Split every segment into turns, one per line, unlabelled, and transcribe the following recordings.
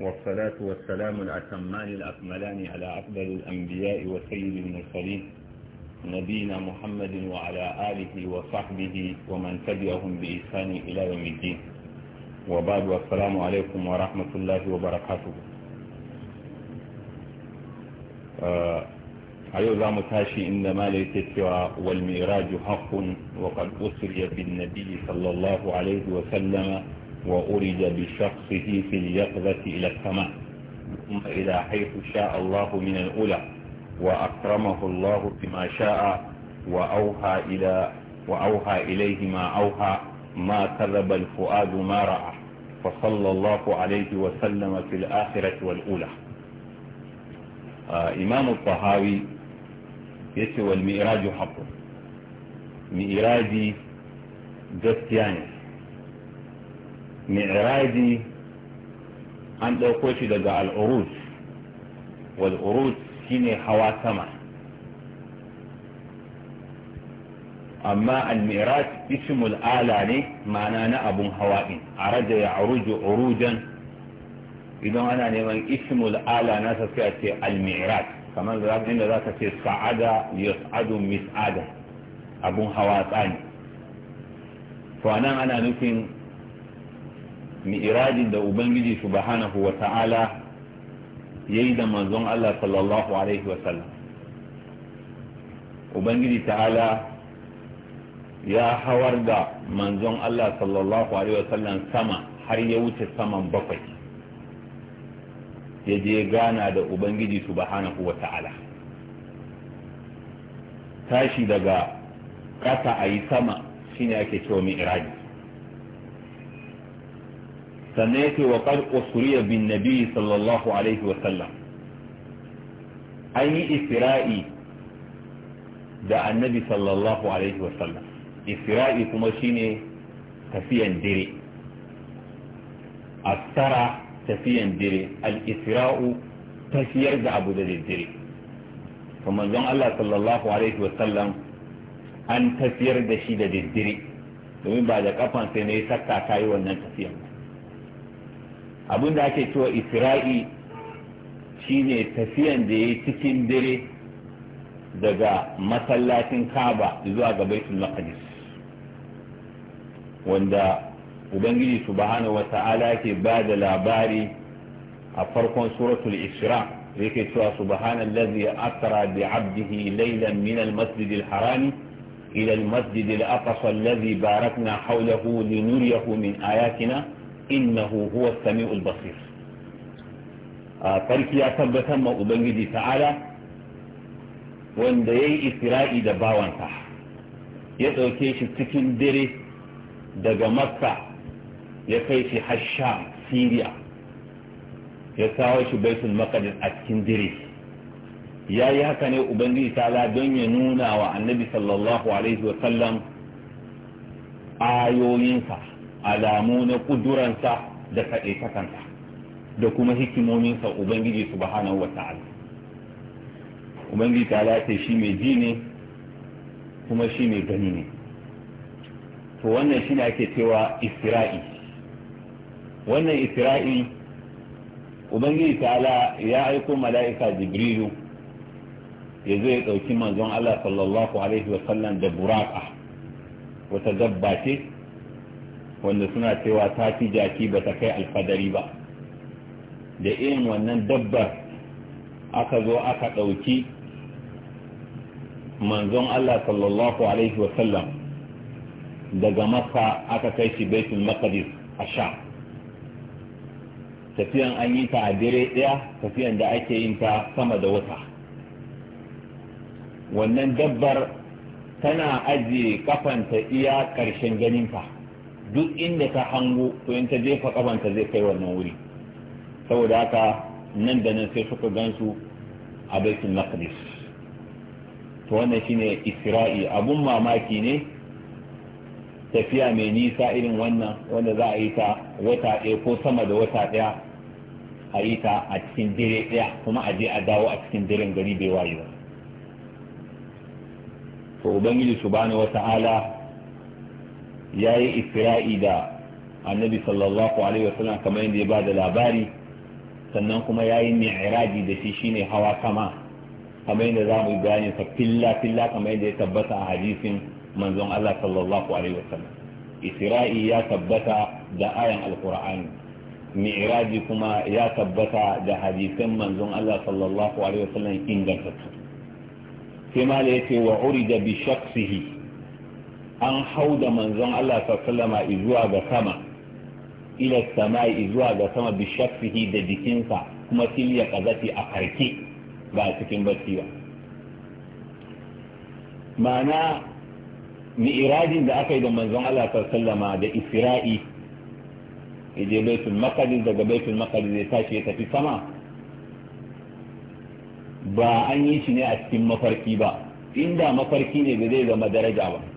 والصلاة والسلام الأتمان الأكملان على أفضل الأنبياء وسيد المرسلين نبينا محمد وعلى آله وصحبه ومن تبعهم بإحسان إلى يوم الدين وبعد والسلام عليكم ورحمة الله وبركاته آه، أيضا أيوة، متاشي إنما ليست سوى والمئراج حق وقد أسري بالنبي صلى الله عليه وسلم وأرج بشخصه في اليقظة إلى السماء إلى حيث شاء الله من الأولى وأكرمه الله بما شاء وأوحى, إلى وأوحى إليه ما أوحى ما كذب الفؤاد ما رأى فصلى الله عليه وسلم في الآخرة والأولى آه إمام الطهاوي يسوى المئراج حقه مئراجي جسياني mi'raji an ɗauko shi daga al'urus wal'urus shine hawa sama amma al-mi'raj ismul ala ne ma'ana na abun hawa din araja ya aruju urujan idan ana neman ismul ala na sai a ce al-mi'raj kamar da inda za ka ce sa'ada yas'adu mis'ada abun hawa tsani to anan ana nufin mi'irajin da ubangiji subhanahu wa ta'ala yayi da manzon Allah sallallahu alaihi wa sallam ubangiji ta'ala ya hawar da manzon Allah sallallahu alaihi wa sallam sama har ya wuce saman bakwai ya je gana da ubangiji subhanahu wa ta'ala tashi daga ƙasa a yi sama shine ake cewa mi'irajin sannan yake wa qad usriya bin nabi sallallahu alaihi wa sallam an yi isra'i da annabi sallallahu alaihi wa sallam isra'i kuma shine tafiyan dire asara tafiyan dire al'isra'u tafiyar da abu da dire kamar manzon Allah sallallahu alaihi wa sallam an tafiyar da shi da dire domin ba da kafan sai ne sakka yi wannan tafiyan abin da ake cewa isra'i shine tafiyan da ya yi cikin dare daga masallacin kaba zuwa ga baitul maqdis wanda ubangiji subhanahu wa ta'ala ke ba da labari a farkon suratul isra yake cewa subhanallazi asra bi 'abdihi laylan min al-masjid al-haram ila al-masjid alladhi barakna hawlahu linuriyahu min ayatina innahu huwa sami'ul basir a farki ya tabbatar ma ubangiji ta'ala wanda ya yi isra'i da bawansa ya ɗauke shi cikin dare daga makka ya kai shi hasha siriya ya kawo shi baitul maqdis a cikin dare ya yi haka ne ubangiji ta'ala don ya nuna wa annabi sallallahu alaihi wa sallam ayoyinsa alamu na kuduransa da kaɗaitakansa da kuma hikimominsa ubangiji su subhanahu wata'ala ubangiji ta ce shi mai ji ne kuma shi mai gani ne to wannan shi ne ake cewa isra'i wannan isra'i ubangiji ta'ala ya aiko mala'ika jibrilu ya zo ya ɗauki manzon allah sallallahu alaihi wasallam da buraka wata dabba ce wanda suna cewa ta fi jaki ba ta kai alfadari ba da irin wannan dabbar aka zo aka ɗauki manzon Allah sallallahu Alaihi wasallam daga maka aka kai shi baitul maqdis a sha tafiyan an yi ta a dire ɗaya tafiyan da ake yin ta sama da wata wannan dabbar tana ajiye kafanta iya ƙarshen ganinta. duk inda ta hango to in ta jefa ta zai kai wannan wuri saboda haka nan da nan sai suka gansu a baitul maqdis to wannan shine isra'i abun mamaki ne tafiya mai nisa irin wannan wanda za a yi ta wata ɗaya ko sama da wata ɗaya a yi ta a cikin dire ɗaya kuma a je a dawo a cikin diren gari bai wayo to ubangiji subhanahu wata'ala ya yi isra'i da annabi sallallahu alaihi wa sallam kamar yadda ya ba da labari sannan kuma ya yi mi'raji da shi shine hawa Kama. kamar yadda za mu gane sa filla filla kamar yadda ya tabbata a hadisin manzon Allah sallallahu alaihi wa sallam. isra'i ya tabbata da ayan alqur'ani mi'raji kuma ya tabbata da hadisin manzon Allah sallallahu alaihi wa sallam ingantattu sai ma da yace wa urida bi shakhsihi an hau da manzon Allah sallama zuwa ga sama ila sama'i zuwa ga sama bi shafihi da jikinsa kuma fil kazati a farke ba a cikin barci ba ma'ana mi'irajin da aka yi da manzon Allah sallama da isra'i je baitul maqdis daga baitul maqdis ya tashi ya tafi sama ba an yi shi ne a cikin mafarki ba inda mafarki ne ba zai zama daraja ba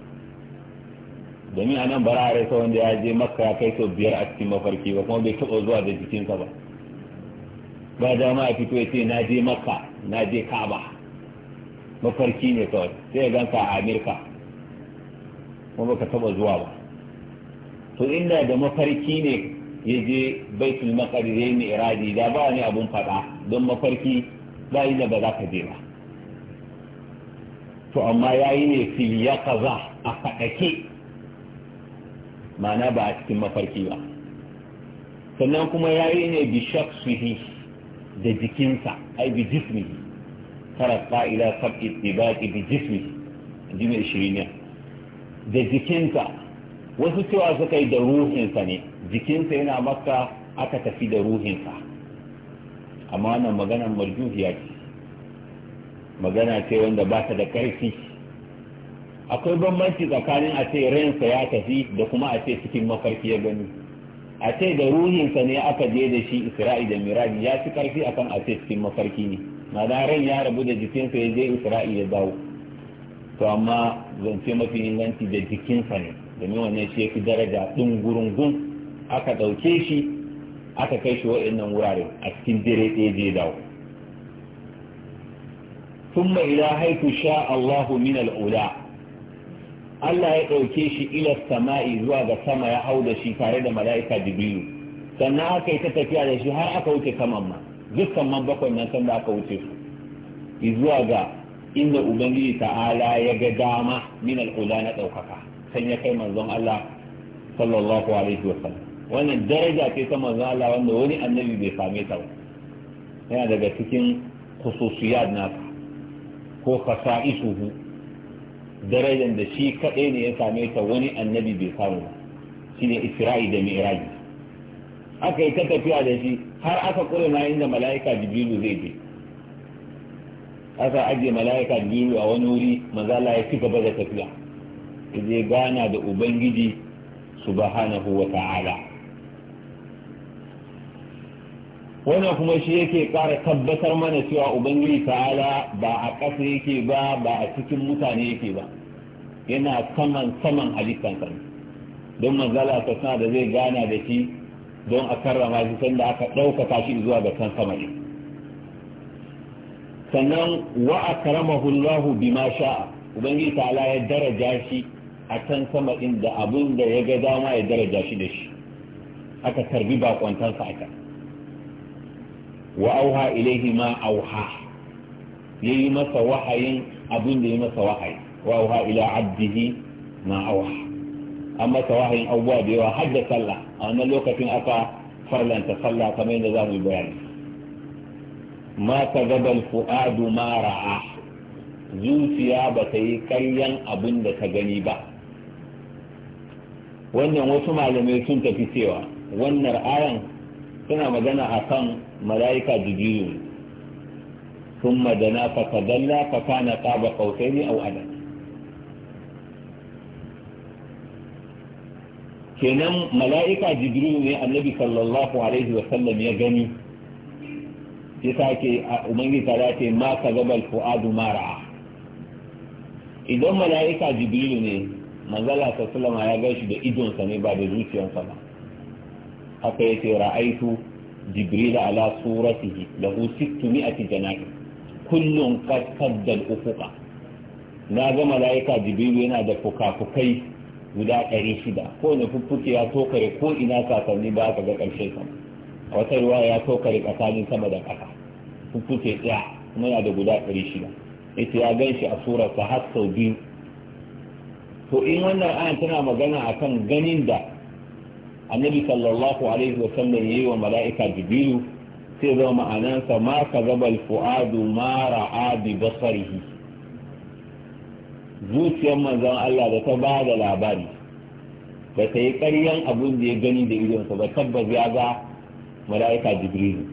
domin a nan bara rai wanda ya je makka ya kai sau biyar a cikin mafarki ba kuma bai taɓa zuwa da jikinka ba ba dama ya fito ya ce na je makka na je kaba mafarki ne kawai sai ya ganka a amirka kuma baka taɓa zuwa ba to inda da mafarki ne ya je baitul maqdis ya yi iradi da ba ne abun faɗa don mafarki ba inda ba za ka je ba to amma ya yi ne fil kaza a faɗake ma'ana ba a cikin mafarki ba sannan kuma ya yi ne bi shafsihi da jikinsa ai bi jismihi tara ƙa'ila sab'i tibaqi bi jismihi ji mai shiriniya da jikinsa wasu cewa suka yi da ruhinsa ne jikinsa yana maka aka tafi da ruhinsa amma wannan maganar marjuhiya ce magana ce wanda ba ta da ƙarfi akwai bambanci tsakanin a ce ransa ya tafi da kuma a ce cikin mafarki ya gani a ce da ruhinsa ne aka je da shi isra'i da miraji ya fi karfi akan a ce cikin mafarki ne da ran ya rabu da jikinsa ya je isra'i ya dawo to amma zance mafi inganci da jikinsa ne domin wannan shi ya fi daraja ɗin aka ɗauke shi aka kai shi waɗannan wurare a cikin dare ɗaya je dawo ثم إلى حيث شاء الله من الأولى Allah ya ɗauke shi ila sama'i zuwa ga sama ya hau da shi tare da mala'ika jibrilu sannan aka yi ta tafiya da shi har aka wuce saman ma dukkan man bakwai nan sanda aka wuce su zuwa ga inda ubangiji ta'ala ya ga dama min al'ula na ɗaukaka san ya kai manzon Allah sallallahu alaihi wa sallam wannan daraja ce ta manzon Allah wanda wani annabi bai same ta ba yana daga cikin khususiyat nasa ko fasa'isuhu darajar da shi kaɗai ne ya same ta wani annabi bai samu ba shine isra'i da mi'raji aka yi ta tafiya da shi har aka kure ma inda mala'ika jibrilu zai je aka ajiye mala'ika jibrilu a wani wuri maza Allah ya ci gaba da tafiya je gana da ubangiji subhanahu wa ta'ala wannan kuma shi yake kara tabbatar mana cewa ubangiji ta'ala ba a ƙasa yake ba ba a cikin mutane yake ba yana saman saman halittansa don manzala ta sana da zai gana da shi don a karrama shi sanda aka ɗaukaka shi zuwa ga can sama ne sannan wa a bi ma sha'a ubangiji ta'ala ya daraja shi a can sama inda abin da ya ga dama ya daraja shi da shi aka tarbi bakwantansa a can wa auha ilaihi ma auha yayi masa wahayin abin da ya masa wahayi wa auha ila abdihi ma auha an masa wahayin abubuwa da yawa har da sallah a wannan lokacin aka farlanta sallah kamar yadda za mu yi bayani ma ta gabal fu'adu ma ra'a zuciya ba ta yi karyan abin da ta gani ba wannan wasu malamai sun tafi cewa wannan ayan suna magana a kan mala'ika Jibiru jibrilu ثم faka na فكان kautai ne a wadat kenan mala'ika Jibiru ne annabi sallallahu alaihi wasallam ya gani ya sake a umarni tara ce ma ka gabal fu'adu mara idan mala'ika Jibiru ne manzala ta sulama ya gashi da idonsa ne ba da zuciyarsa ba haka yake ra'aitu jibril ala suratihi lahu 600 jana'i kullun qad qaddal ufuqa na ga malaika jibril yana da fukafukai guda 600 ko ne fuffuke ya tokare ko ina kakanni ba ka ga karshe sa wata ruwa ya tokare tsakanin sama da ƙasa fuffuke kuma yana da guda 600 ita ya gan shi a surar har sau biyu to in wannan ayan tana magana akan ganin da annabi sallallahu alaihi wa sallam yayi wa mala'ika jibrilu sai zama ma'anansa ma ka al-fu'adu ma ra'a bi basarihi zuciyar manzon Allah da ta ba da labari ba ta yi ƙaryan abin da ya gani da idonsa ba tabbas ya ga mala'ika jibrilu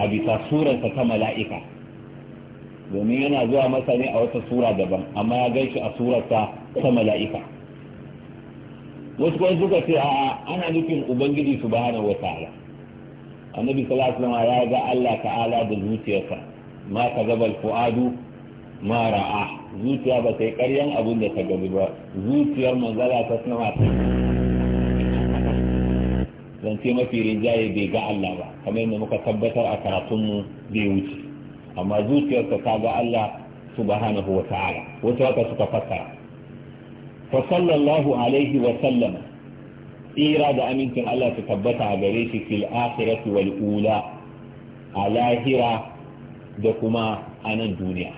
a bisa surarsa ta mala'ika domin yana zuwa masa ne a wata sura daban amma ya gan shi a surarsa ta mala'ika wasu kuma suka ce a ana nufin ubangiji su bana wata ala annabi sallallahu alaihi ya ga Allah ta'ala da zuciyarsa ma ka zabal fuadu ma ra'a zuciya ba ta yi karyan abin da ta gabi ba zuciyar manzala ta suna sama ta ce mafi rinjaye bai ga Allah ba kamar yadda muka tabbatar a karatunmu bai wuce amma zuciyarsa ta ga Allah subhanahu wa ta'ala wasu haka suka fassara fa sallallahu alaihi wa sallam tsira da amincin Allah su tabbata a gare shi fil akhirati a lahira da kuma a nan duniya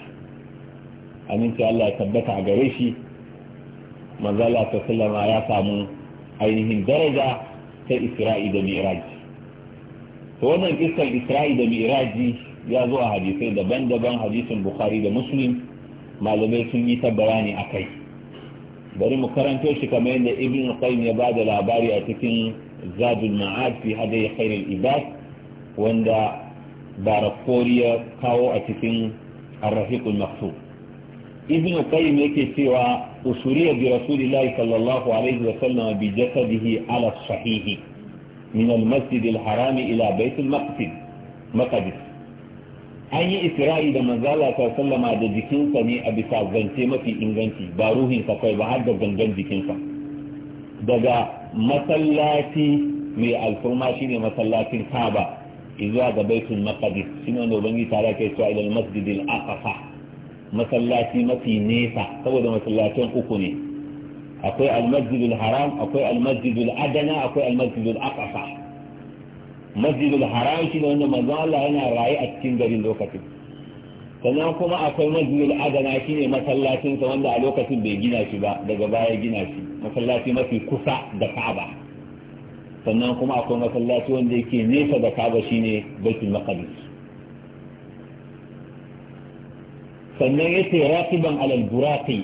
amincin Allah ya tabbata a gare shi manzala ta sallama ya samu ainihin daraja ta isra'i da mi'raji to wannan kissan isra'i da mi'raji ya zo a hadisai daban-daban hadisin bukhari da muslim malamai sun yi ta bayani a kai bari mu karanto shi kamar yadda ibn qayyim ya bada labari a cikin zadul ma'ad fi hadai khairul ibad wanda barakori ya kawo a cikin ar arrafiqul maktub ibn qayyim yake cewa usuriya bi rasulillahi sallallahu alaihi wa sallam bi jasadihi ala sahihi min al-masjid al-harami ila bait al-maqdis an yi isra'i da manzala ta sallama da jikinsa ne a bisa zance mafi inganci ba ruhinsa kai ba har da gangan jikinsa daga masallaci mai alfurma shine masallacin kaba izuwa ga baitul maqdis shine wanda ubangi tare kai cewa ila masjidil aqsa masallaci mafi nesa saboda masallacin uku ne akwai al-masjidul haram akwai al adana akwai al-masjidul aqsa masjidul haram shi ne wanda manzo Allah yana raye a cikin garin lokacin sannan kuma akwai masjidul adana shi ne masallacinsa wanda a lokacin bai gina shi ba daga baya gina shi masallaci mafi kusa da ka'aba sannan kuma akwai masallaci wanda yake nesa da ka'aba shine baitul maqdis sannan yace raqiban alal buraqi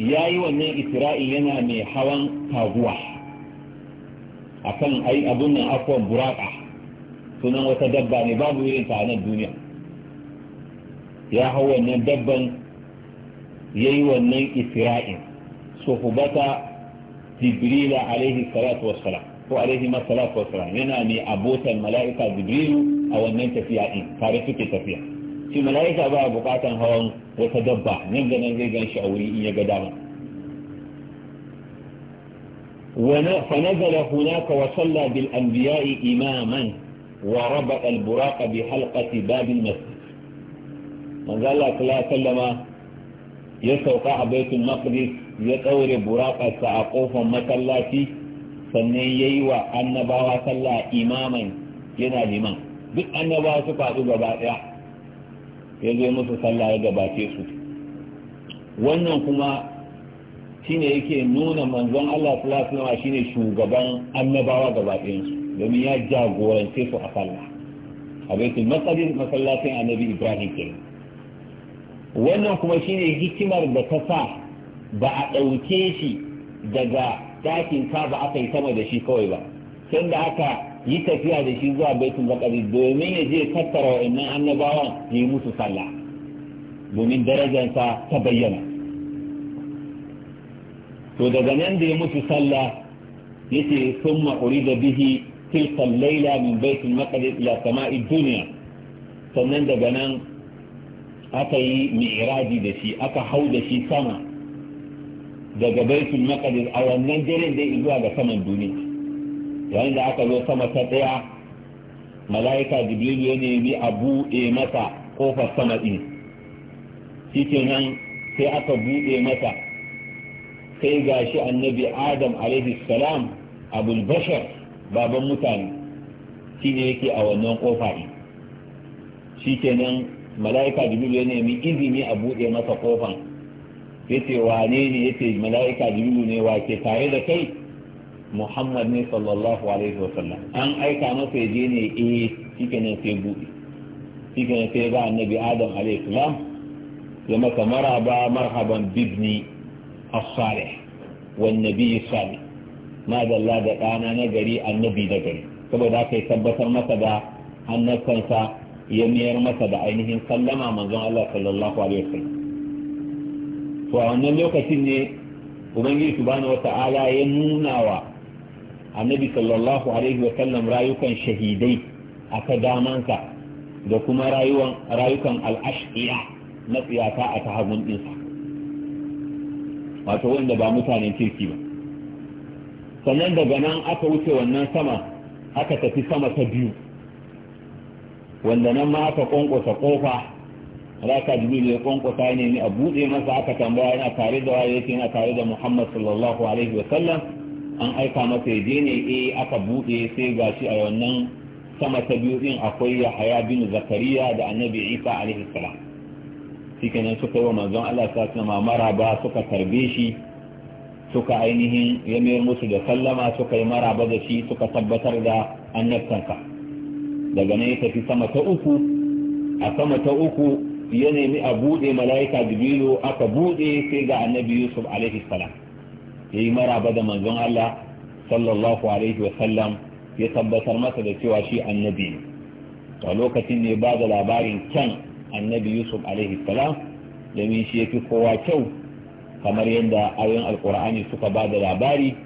yayi wannan isra'i yana mai hawan taguwa akan ai abun nan afwan buraka sunan wata dabba ne babu irin ta nan duniya ya hau wannan dabban yayi wannan isra'in suhubata jibrila alaihi salatu wassalam ko alaihi masalatu wassalam yana ne abotan mala'ika jibrilu a wannan tafiya din tare suke tafiya shi mala'ika ba bukatan hawan wata dabba nan ganin zai gan shi a wuri in ya ga dama فنزل هناك وصلى بالأنبياء إماما وربط البراق بحلقة باب المسجد من قال الله صلى الله عليه وسلم يسوقع بيت المقدس يطور براق سعقوفا مسلاتي sannan ya yi wa annabawa sallah imaman yana liman duk annabawa su faɗu gaba ɗaya ya zo musu sallah ya gabace su wannan kuma shine yake nuna manzon Allah sallallahu alaihi shine shugaban annabawa gaba su domin ya jagorance su a sallah a baitul maqdis masallacin annabi Ibrahim ke wannan kuma shine hikimar da ta sa ba a ɗauke shi daga dakin ka ba aka yi sama da shi kawai ba sai da aka yi tafiya da shi zuwa baitul maqdis domin ya je tattara wa'annan annabawan ya yi musu sallah domin darajarsa ta bayyana to daga nan da ya mutu sallah yace mauri da bihi tilkan laila min baitul maqdis ila sama'i duniya sannan daga nan aka yi mi'iradi da shi aka hau da shi sama daga baitin maqdis a wannan daren da zuwa ga saman duniya yayin da aka zo sama ta ɗaya mala'ika jibril ya nemi a buɗe masa kofar sama din nan sai aka buɗe masa sai gashi annabi adam alaihi salam abul bashar baban mutane shi ne yake a wannan kofa ne shi kenan mala'ika jibril ya nemi izini a buɗe masa kofan ya ce wane ne ya ce mala'ika jibril ne wa ke tare da kai muhammad ne sallallahu alaihi wasallam an aika masa ya je ne eh shi kenan sai buɗe shi kenan sai ga annabi adam alaihi salam ya masa maraba marhaban bibni as-salih wan nabi salih da ɗana na gari annabi da gari saboda haka ya tabbatar masa da annabtansa ya miyar masa da ainihin sallama manzon Allah sallallahu alaihi to a wannan lokacin ne ubangiji subhanahu wata'ala ya nuna wa annabi sallallahu alaihi rayukan shahidai a ta damansa da kuma rayukan al'ashiya na tsiyata a ta hagun ɗinsa wato wanda ba mutanen kirki ba sannan daga nan aka wuce wannan sama aka tafi sama ta biyu wanda nan ma aka kwankwasa kofa raka jibril ya kwankwasa ne ni a buɗe masa aka tambaya yana tare da waye yake yana tare da muhammad sallallahu alaihi wa sallam an aika masa ya je ne eh aka buɗe sai gashi a wannan sama ta biyu din akwai yahaya bin zakariya da annabi isa alaihi salam shikenan suka yi wa manzon Allah ta sama maraba suka karbe shi suka ainihin ya mayar musu da sallama suka yi maraba da shi suka tabbatar da annabtanka daga nan ya tafi sama ta uku a sama ta uku ya nemi a buɗe mala'ika jibrilu aka buɗe sai ga annabi yusuf alaihi salam ya yi maraba da manzon Allah sallallahu alaihi wa sallam ya tabbatar masa da cewa shi annabi a lokacin ne ba da labarin kyan annabi yusuf alaihi salam domin shi yafi kowa kyau kamar yadda ayoyin alkur'ani suka ba da labari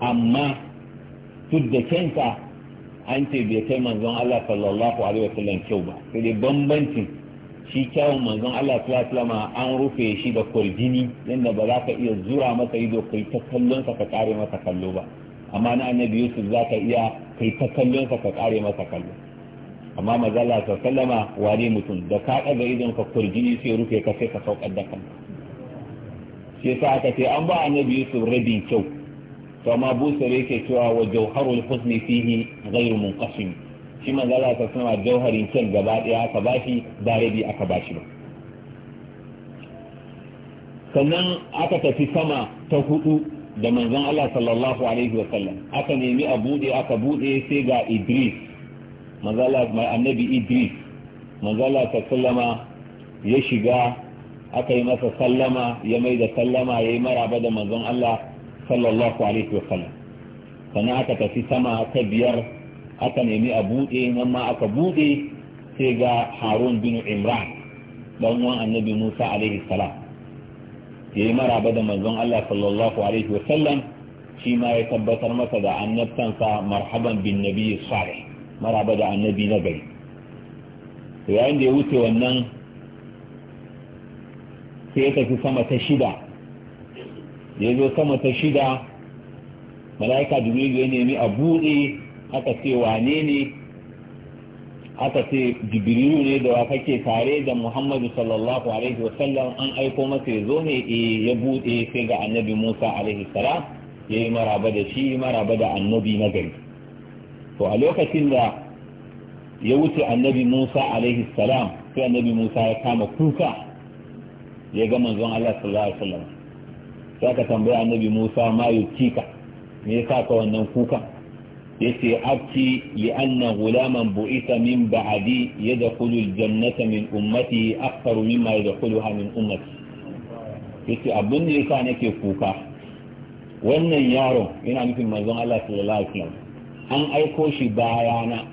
amma duk da kyansa an ce bai kai manzon Allah sallallahu alaihi wasallam kyau ba sai dai bambancin shi kyawun manzon Allah sallallahu an rufe shi da kurjini yadda ba za ka iya zura masa ido kai ta kallon ka kare masa kallo ba amma na annabi yusuf za ka iya kai ta kallon ka kare masa kallo amma mazala ta sallama wani mutum da ka ɗaga idon ka kurjini sai rufe ka sai ka saukar da kanka shi yasa aka ce an ba annabi Yusuf rabin kyau to amma busar yake cewa wa jawharul husni fihi ghayru munqasim shi mazala ta sallama jawharin kyan gaba ɗaya aka bashi ba rabi aka bashi ba sannan aka tafi sama ta hudu da manzon Allah sallallahu alaihi wa sallam aka nemi a bude aka bude sai ga Idris manzala mai annabi idris manzala ta sallama ya shiga aka yi masa sallama ya mai da sallama ya yi maraba da manzon Allah sallallahu alaihi wa sallam sannan aka tafi sama ta biyar aka nemi a buɗe nan ma aka buɗe sai ga harun bin imran dan uwan annabi musa alaihi salam ya yi maraba da manzon Allah sallallahu alaihi wa sallam shi ma ya tabbatar masa da annabtansa marhaban bin nabi salih maraba da annabi na gari to yayin da ya wuce wannan sai ya tafi sama ta shida ya zo sama ta shida mala'ika jibrilu ya nemi a buɗe aka ce wane ne aka ce Jibril ne da wa kake tare da muhammadu sallallahu alaihi wasallam an aiko masa ya zo ne eh, ya buɗe sai ga annabi musa alaihi salam ya yi maraba da shi maraba da annabi na gari to a lokacin da ya wuce annabi Musa alaihi salam sai annabi Musa ya kama kuka ya ga manzon Allah sallallahu alaihi wasallam sai ka tambaya annabi Musa ma yukika me yasa ka wannan kuka yace abki li anna ghulaman bu'ita min ba'di yadkhulu al-jannata min ummati akthar mimma yadkhuluha min ummati yace abin da yasa nake kuka wannan yaron yana nufin manzon Allah sallallahu alaihi wasallam an aiko shi bayana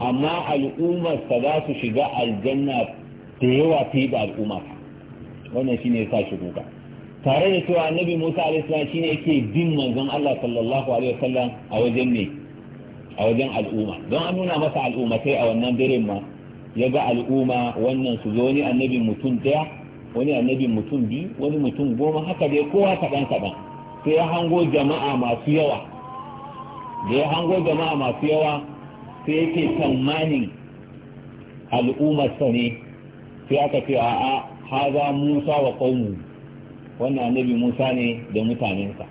amma al'ummarsa za su shiga aljanna da yawa fiye da al'umma wannan shine ya sa shi kuka tare da cewa annabi Musa alaihissalam shine yake bin manzon Allah sallallahu alaihi wasallam a wajen ne a wajen al'umma don an nuna masa al'ummatai a wannan dare ma ya ga al'umma wannan su zo wani annabi mutum daya wani annabi mutum biyu wani mutum goma haka dai kowa kaɗan kaɗan sai ya hango jama'a masu yawa da ya hango jama'a masu yawa sai yake tsammanin al'ummarsa ne sai aka ce a'a haza musa wa ƙaunu wannan annabi musa ne da mutanensa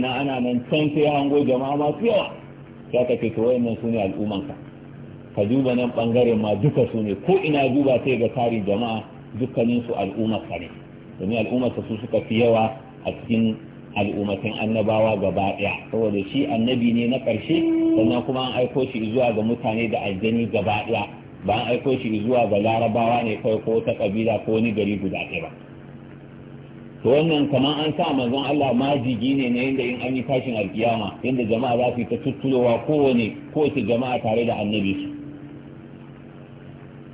nan ana nan can sai hango jama'a masu yawa sai aka ce kawai nan su ne al'ummarka ka duba nan bangaren ma duka su ne ko ina duba sai ga tarin jama'a dukkaninsu al'ummarsa ne domin al'ummarsa su suka fi yawa a cikin al'ummatin annabawa gaba ɗaya saboda shi annabi ne na ƙarshe sannan kuma an aiko shi zuwa ga mutane da aljani gaba ɗaya ba an aiko shi zuwa ga larabawa ne kai ko ta ƙabila ko wani gari guda ɗaya ba to wannan kamar an sa manzon Allah majigi ne na yadda in an yi tashin alkiyama inda jama'a za su ta tuttulowa kowane kowace jama'a tare da annabi su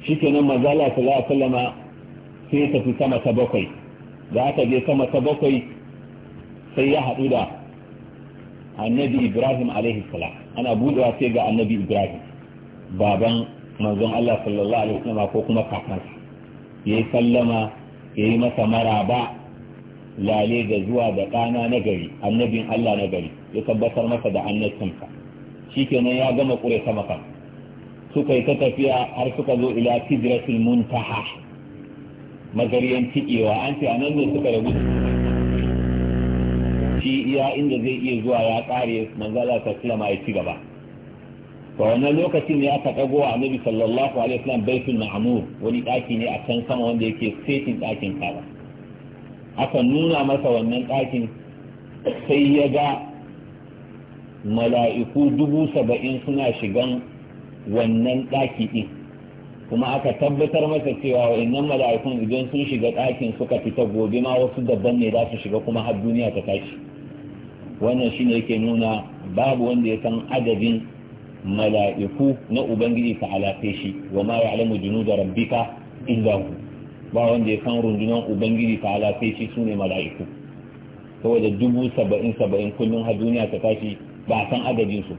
shi kenan manzala sallallahu alaihi wasallama sai fi sama ta bakwai za ta je sama ta bakwai sai ya haɗu da annabi ibrahim alaihi salam ana buɗewa sai ga annabi ibrahim baban manzon allah sallallahu alaihi wasallam ko kuma kakansa ya yi sallama ya yi masa maraba lale da zuwa da ɗana na gari annabin allah na gari ya tabbatar masa da annabcinsa shikenan ya gama ƙure sama maka suka yi ta tafiya har suka zo ila tijratul muntaha magariyan tikewa an ce anan ne suka rabu iya inda zai iya zuwa ya kare manzala ta sallama ya ci gaba to wannan lokacin ya aka dago a annabi sallallahu alaihi wasallam baitul ma'mur wani daki ne a can sama wanda yake setin dakin kaba aka nuna masa wannan dakin sai ya ga mala'iku dubu saba'in suna shigan wannan daki din kuma aka tabbatar masa cewa wa'annan mala'ikun idan sun shiga ɗakin suka fita gobe ma wasu daban ne za su shiga kuma har duniya ta tashi wannan shine yake nuna babu wanda ya san adadin mala'iku na ubangiji ta alafe shi wa ma ya'lamu junuda rabbika illa hu ba wanda ya san rundunar ubangiji ta alafe shi sune mala'iku saboda dubu saba'in saba'in kullum ha duniya ta tashi ba a san adadin su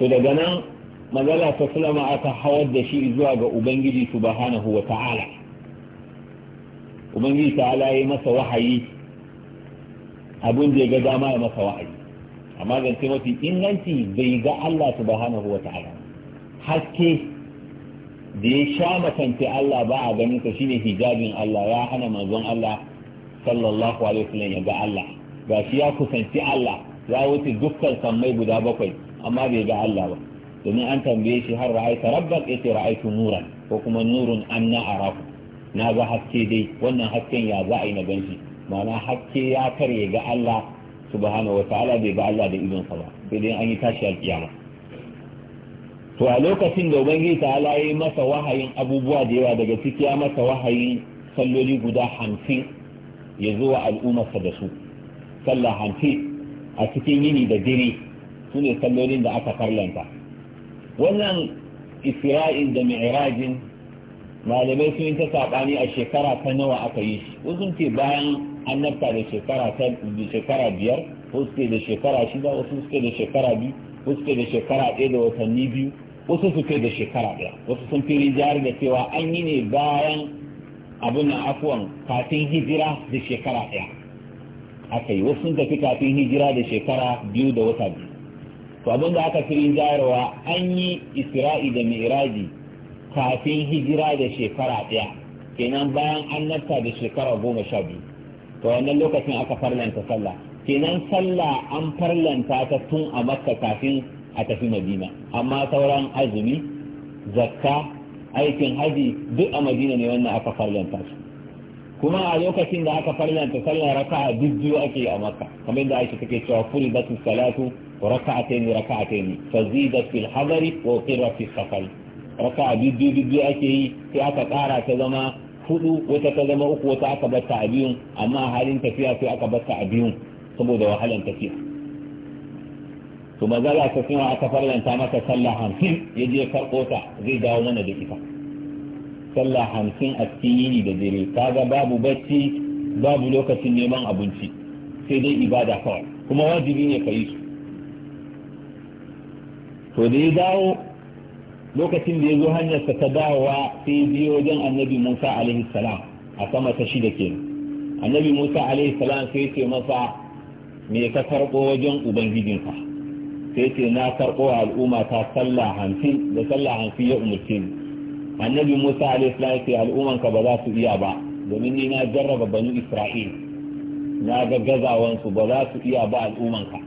to daga nan magana ta sulama aka hawar da shi zuwa ga ubangiji subhanahu wa ta'ala ubangiji ta'ala ya masa wahayi abin da ya ga dama ya masa wa'ayi amma zance mafi inganci bai ga Allah subhanahu wa ta'ala haske da ya sha makance Allah ba a ganin ka shine hijabin Allah ya hana manzon Allah sallallahu alaihi wasallam ya ga Allah ga shi ya kusanci Allah ya wuce dukkan sammai guda bakwai amma bai ga Allah ba domin an tambaye shi har ra'aita rabbak yace ra'aitu nuran ko kuma nurun anna Araku. na ga haske dai wannan hasken ya za a yi na ganshi ma'ana hakke ya karye ga Allah subhanahu wataala bai ga Allah da idonsa ba sai dai an yi tashi alkiyama to a lokacin da ubangiji ta'ala yi masa wahayin abubuwa da yawa daga ciki ya masa wahayin salloli guda hamsin ya zo wa al'ummarsa da su sallah hamsin a cikin yini da dare su ne sallolin da aka karlanta wannan isra'il da mi'rajin malamai sun yi ta saɓani a shekara ta nawa aka yi shi wasu ce bayan annabta da shekara da shekara biyar ko suke da shekara shida wasu suke da shekara biyu wasu suke da shekara ɗaya da watanni biyu wasu suke da shekara ɗaya wasu sun fi rijiyar da cewa an yi ne bayan abin na afuwan kafin hijira da shekara ɗaya aka yi wasu sun tafi kafin hijira da shekara biyu da wata biyu to abin da aka fi rijiyarwa an yi isra'i da mi'raji kafin hijira da shekara ɗaya kenan bayan an annabta da shekara goma sha biyu to wannan lokacin aka farlanta sallah kenan sallah an farlanta ta tun a makka kafin a tafi madina amma sauran azumi zakka aikin haji duk a madina ne wannan aka farlanta su kuma a lokacin da aka farlanta sallar raka'a duk biyu ake a makka kamar da aisha take cewa furi batu salatu raka'atayn raka'atayn fazidat fil hadari wa qira fi safar raka'a biyu biyu biyu ake yi sai aka kara ta zama hudu wata ta zama uku wata aka batta a biyun amma a halin tafiya sai aka batta a biyun saboda wahalan tafiya to maza za ta suna aka farlanta masa sallah hamsin ya je karɓo ta zai dawo mana da ita sallah hamsin a cikin yini da dare kaga babu bacci babu lokacin neman abinci sai dai ibada kawai kuma wajibi ne ka yi su to da ya dawo lokacin da ya zo hanyarsa ta dawowa sai biyo wajen annabi musa alaihi salam a sama ta shida ke. annabi musa alaihi salam sai ce masa me ka karɓo wajen ubangijinka sai ce na karɓo al'umma ta sallah hamsin da sallah hamsin ya umarce ni annabi musa alaihi salam sai al'umman ka ba za su iya ba domin ni na jarraba Bani isra'il na ga gazawansu ba za su iya ba al'umman al'ummanka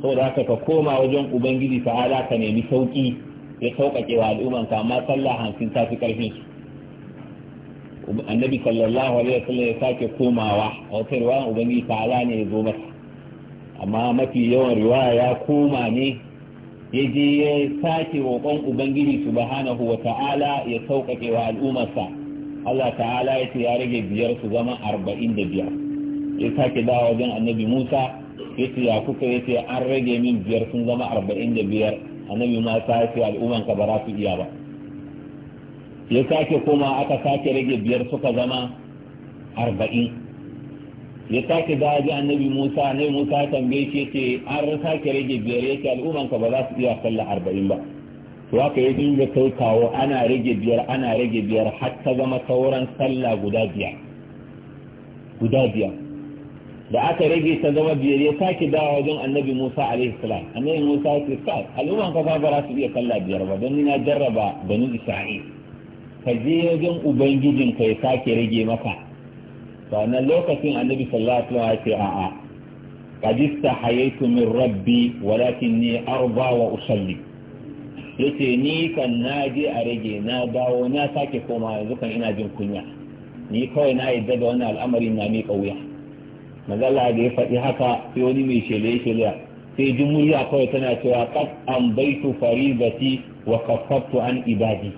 saboda haka ka koma wajen ubangiji ta'ala ka nemi sauki ya sauƙaƙe wa al'umman amma sallah hamsin ta fi ƙarfin annabi sallallahu alaihi sallam ya sake komawa a wata riwaya ubangiji ta'ala ne ya zo masa amma mafi yawan riwaya ya koma ne ya je ya sake roƙon ubangiji subhanahu wa ta'ala ya sauƙaƙe wa al'ummarsa Allah ta'ala ya ce ya rage biyar su zama arba'in da biyar ya sake dawa wajen annabi Musa ya ce ya kuka ya ce an rage min biyar sun zama arba'in da biyar annabi ma ya ce al'umman ka ba za su iya ba ya sake koma aka sake rage biyar suka zama arba'in ya sake ji annabi musa annabi musa ya tambaye shi ce an sake rage biyar yake al'umman ka ba za su iya sallah arba'in ba to haka ya dinga kai kawo ana rage biyar ana rage biyar har ta zama sauran sallah guda biyar guda biyar da aka rage ta zama biyar ya sake dawa wajen annabi Musa alaihi salam annabi Musa ya ce al'umma ka ba su iya kalla biyar ba don ni na jarraba banu Isra'il ka je wajen ubangijin ka ya sake rage maka to lokacin annabi sallallahu alaihi wasallam ya ce a'a qad istahaytu min rabbi walakinni arba wa usalli yace ni kan na je a rage na dawo na sake koma yanzu kan ina jin kunya ni kawai na yadda da wannan al'amari na miƙa wuya magana da ya faɗi haka sai wani mai shele shele sai jin murya kawai tana cewa qad ambaitu faribati wa kaffaftu an ibadi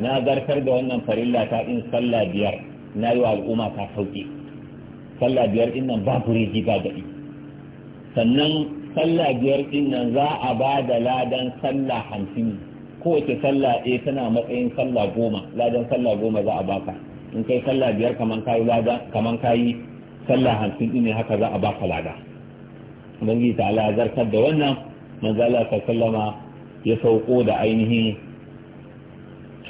na zartar da wannan farilla ta in sallah biyar na yi wa al'umma ta sauƙi sallah biyar din nan babu rigi ba gadi sannan sallah biyar din nan za a ba da ladan sallah hamsin kowace sallah ɗaya tana matsayin sallah goma ladan sallah goma za a baka in kai sallah biyar kaman kayi ladan kaman kayi sallah hamsin ɗin ne haka za a baka lada ubangiji ta ala zartar da wannan manzo Allah sallama ya sauko da ainihin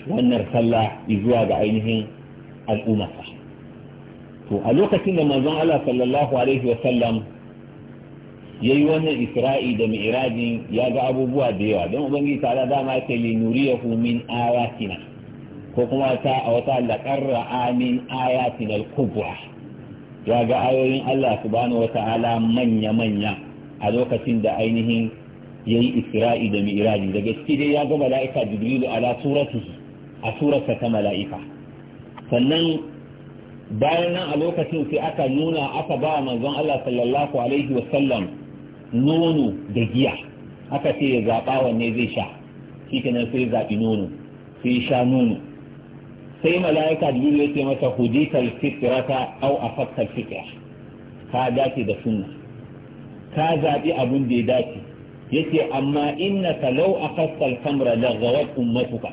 wannan sallah zuwa ga ainihin al'umma. to a lokacin da manzon Allah sallallahu alaihi wa sallam yayi wannan isra'i da mi'rajin ya ga abubuwa da yawa don ubangiji ta dama yake li nuriyahu min ayatina ko kuma ta a wata laqarra amin ayatina al-kubra ya ga ayoyin Allah subhanahu ala manya-manya a lokacin da ainihin ya yi isra'i da miirari daga ciki dai ya ga mala'ika jibrilu ala suratihi a surarsa ta mala'ika sannan bayan nan a lokacin sai aka nuna aka ba manzon Allah sallallahu alaihi wasallam nono da giya aka ce ya zaɓa wanne zai sha shi kenan sai zaɓi nono sai sha nono sai mala'ika da ya ce masa hudital fitrata au afakkal fitra ka dace da sunna ka zaɓi abun da ya dace yace amma lau a afakkal kamra zawar ummatuka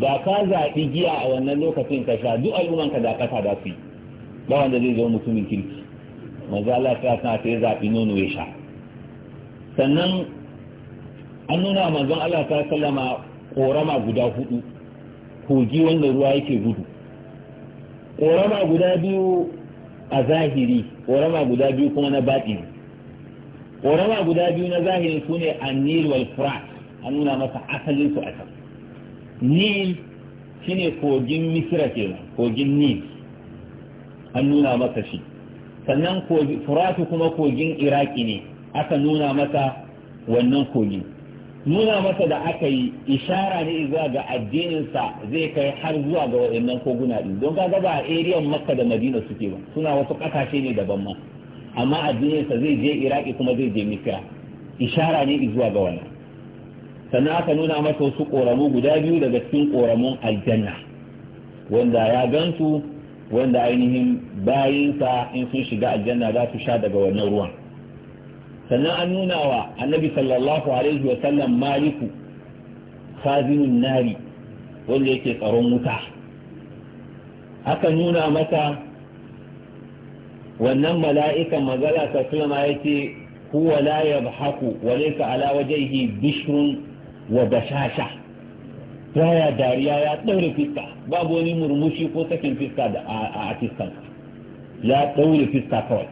da ka zaɓi giya a wannan lokacin ka sha duk al'umman ka da kasa da su yi ba wanda zai zo mutumin kirki maza Allah ta sa ta yi zaɓi nono ya sha sannan an nuna manzon Allah ta sallama korama guda hudu kogi wanda ruwa yake gudu ƙorama guda biyu a zahiri ƙorama guda biyu kuma na baɗi ƙorama guda biyu na zahiri su ne Nil wal frat an nuna masa asalin su a can nil shine kogin misira nan, kogin nil an nuna masa shi sannan frat kuma kogin iraki ne aka nuna masa wannan kogin nuna masa da aka yi ishara ne zuwa ga addininsa zai kai har zuwa ga waɗannan koguna ɗin don kaga ba a eriyan makka da madina suke ba suna wasu ƙasashe ne daban ma amma addininsa zai je iraki kuma zai je misira ishara ne zuwa ga wannan sannan aka nuna masa wasu ƙoramu guda biyu daga cikin ƙoramun aljanna wanda ya gansu wanda ainihin bayinsa in sun shiga aljanna za su sha daga wannan ruwan sannan an nuna wa annabi sallallahu alaihi wa sallam maliku khazinun nari wanda yake tsaron wuta aka nuna mata. wannan mala'ikan magana ta sulama ya ce huwa la haku, wale ka ala wajhihi bishrun wa bashasha baya dariya ya daure fiska babu wani murmushi ko sakin fiska a fiskan ya ɗaure fiska kawai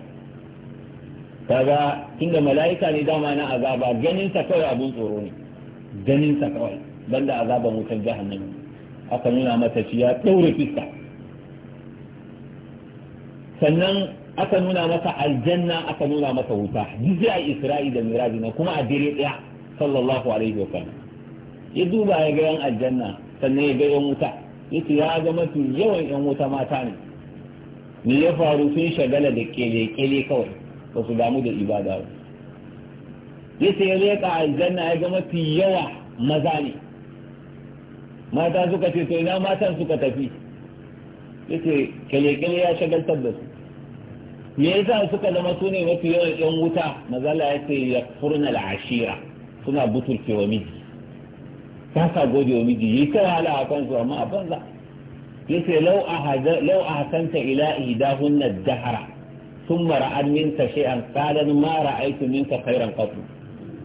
kaga inda mala'ika ne dama na azaba ganin sa kawai abun tsoro ne ganin sa kawai banda azaba wutar jahannami aka nuna mata shi ya daure fiska sannan aka nuna masa aljanna aka nuna masa wuta duk a isra'i da miraji na kuma a dire daya sallallahu alaihi wa sallam ya duba ya ga yan aljanna sannan ya ga yan wuta yace ya ga mafi yawan yan wuta mata ne me ya faru sun shagala da kele kele kawai ba su damu da ibada ba ya ce ya leƙa aljanna ya ga mafi yawa maza ne mata suka ce to ina matan suka tafi ya ce kyalekyale ya shagaltar da su me yasa suka zama su ne mafi yawan yan wuta maza la ya ce ya furna al'ashira suna buturke wa miji ta sa gode wa miji yi ta wahala a kansu amma a banza ce lau a hasanta ila na dahara sun mara an minka an kalan ma ra'aitu minka kairan kafu.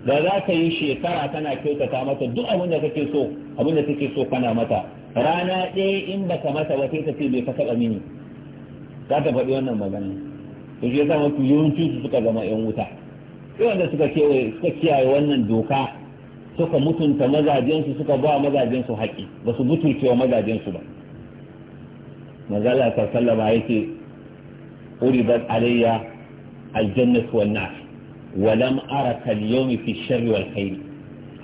da za ka yi shekara kana kyautata mata duk abin da kake so abin da ke so kana mata rana ɗaya in ba ka mata ba sai ta ce bai ka taɓa mini za ta faɗi wannan magana to shi yasa mafi yawanci su suka zama yan wuta sai wanda suka kewaye suka kiyaye wannan doka suka mutunta mazajensu suka ba mazajensu haƙƙi ba su mutuncewa mazajensu ba manzala ta sallama yake uridat alayya aljannatu wan nar wa lam araka al-yawma fi sharri wal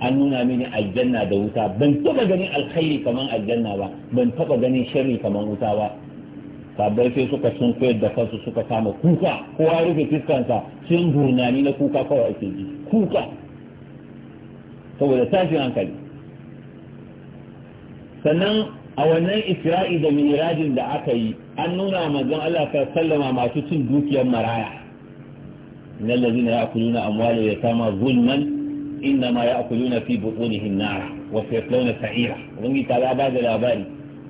an nuna mini aljanna da wuta ban taba ganin alkhairi kamar aljanna ba ban taba ganin sharri kaman wuta ba sabai sai suka sun koyar da kansu suka kama kuka kowa rufe fiskansa sun gurnani na kuka kawai kuka saboda tashin hankali sannan a wannan isra'i da mirajin da aka yi an nuna manzon Allah ta sallama masu cin dukiyar maraya na lazina ya kuluna amwalo ya sama zulman inna ma ya kuluna fi butunihim nara wa sayaslawna sa'ira ubangi ta ba da labari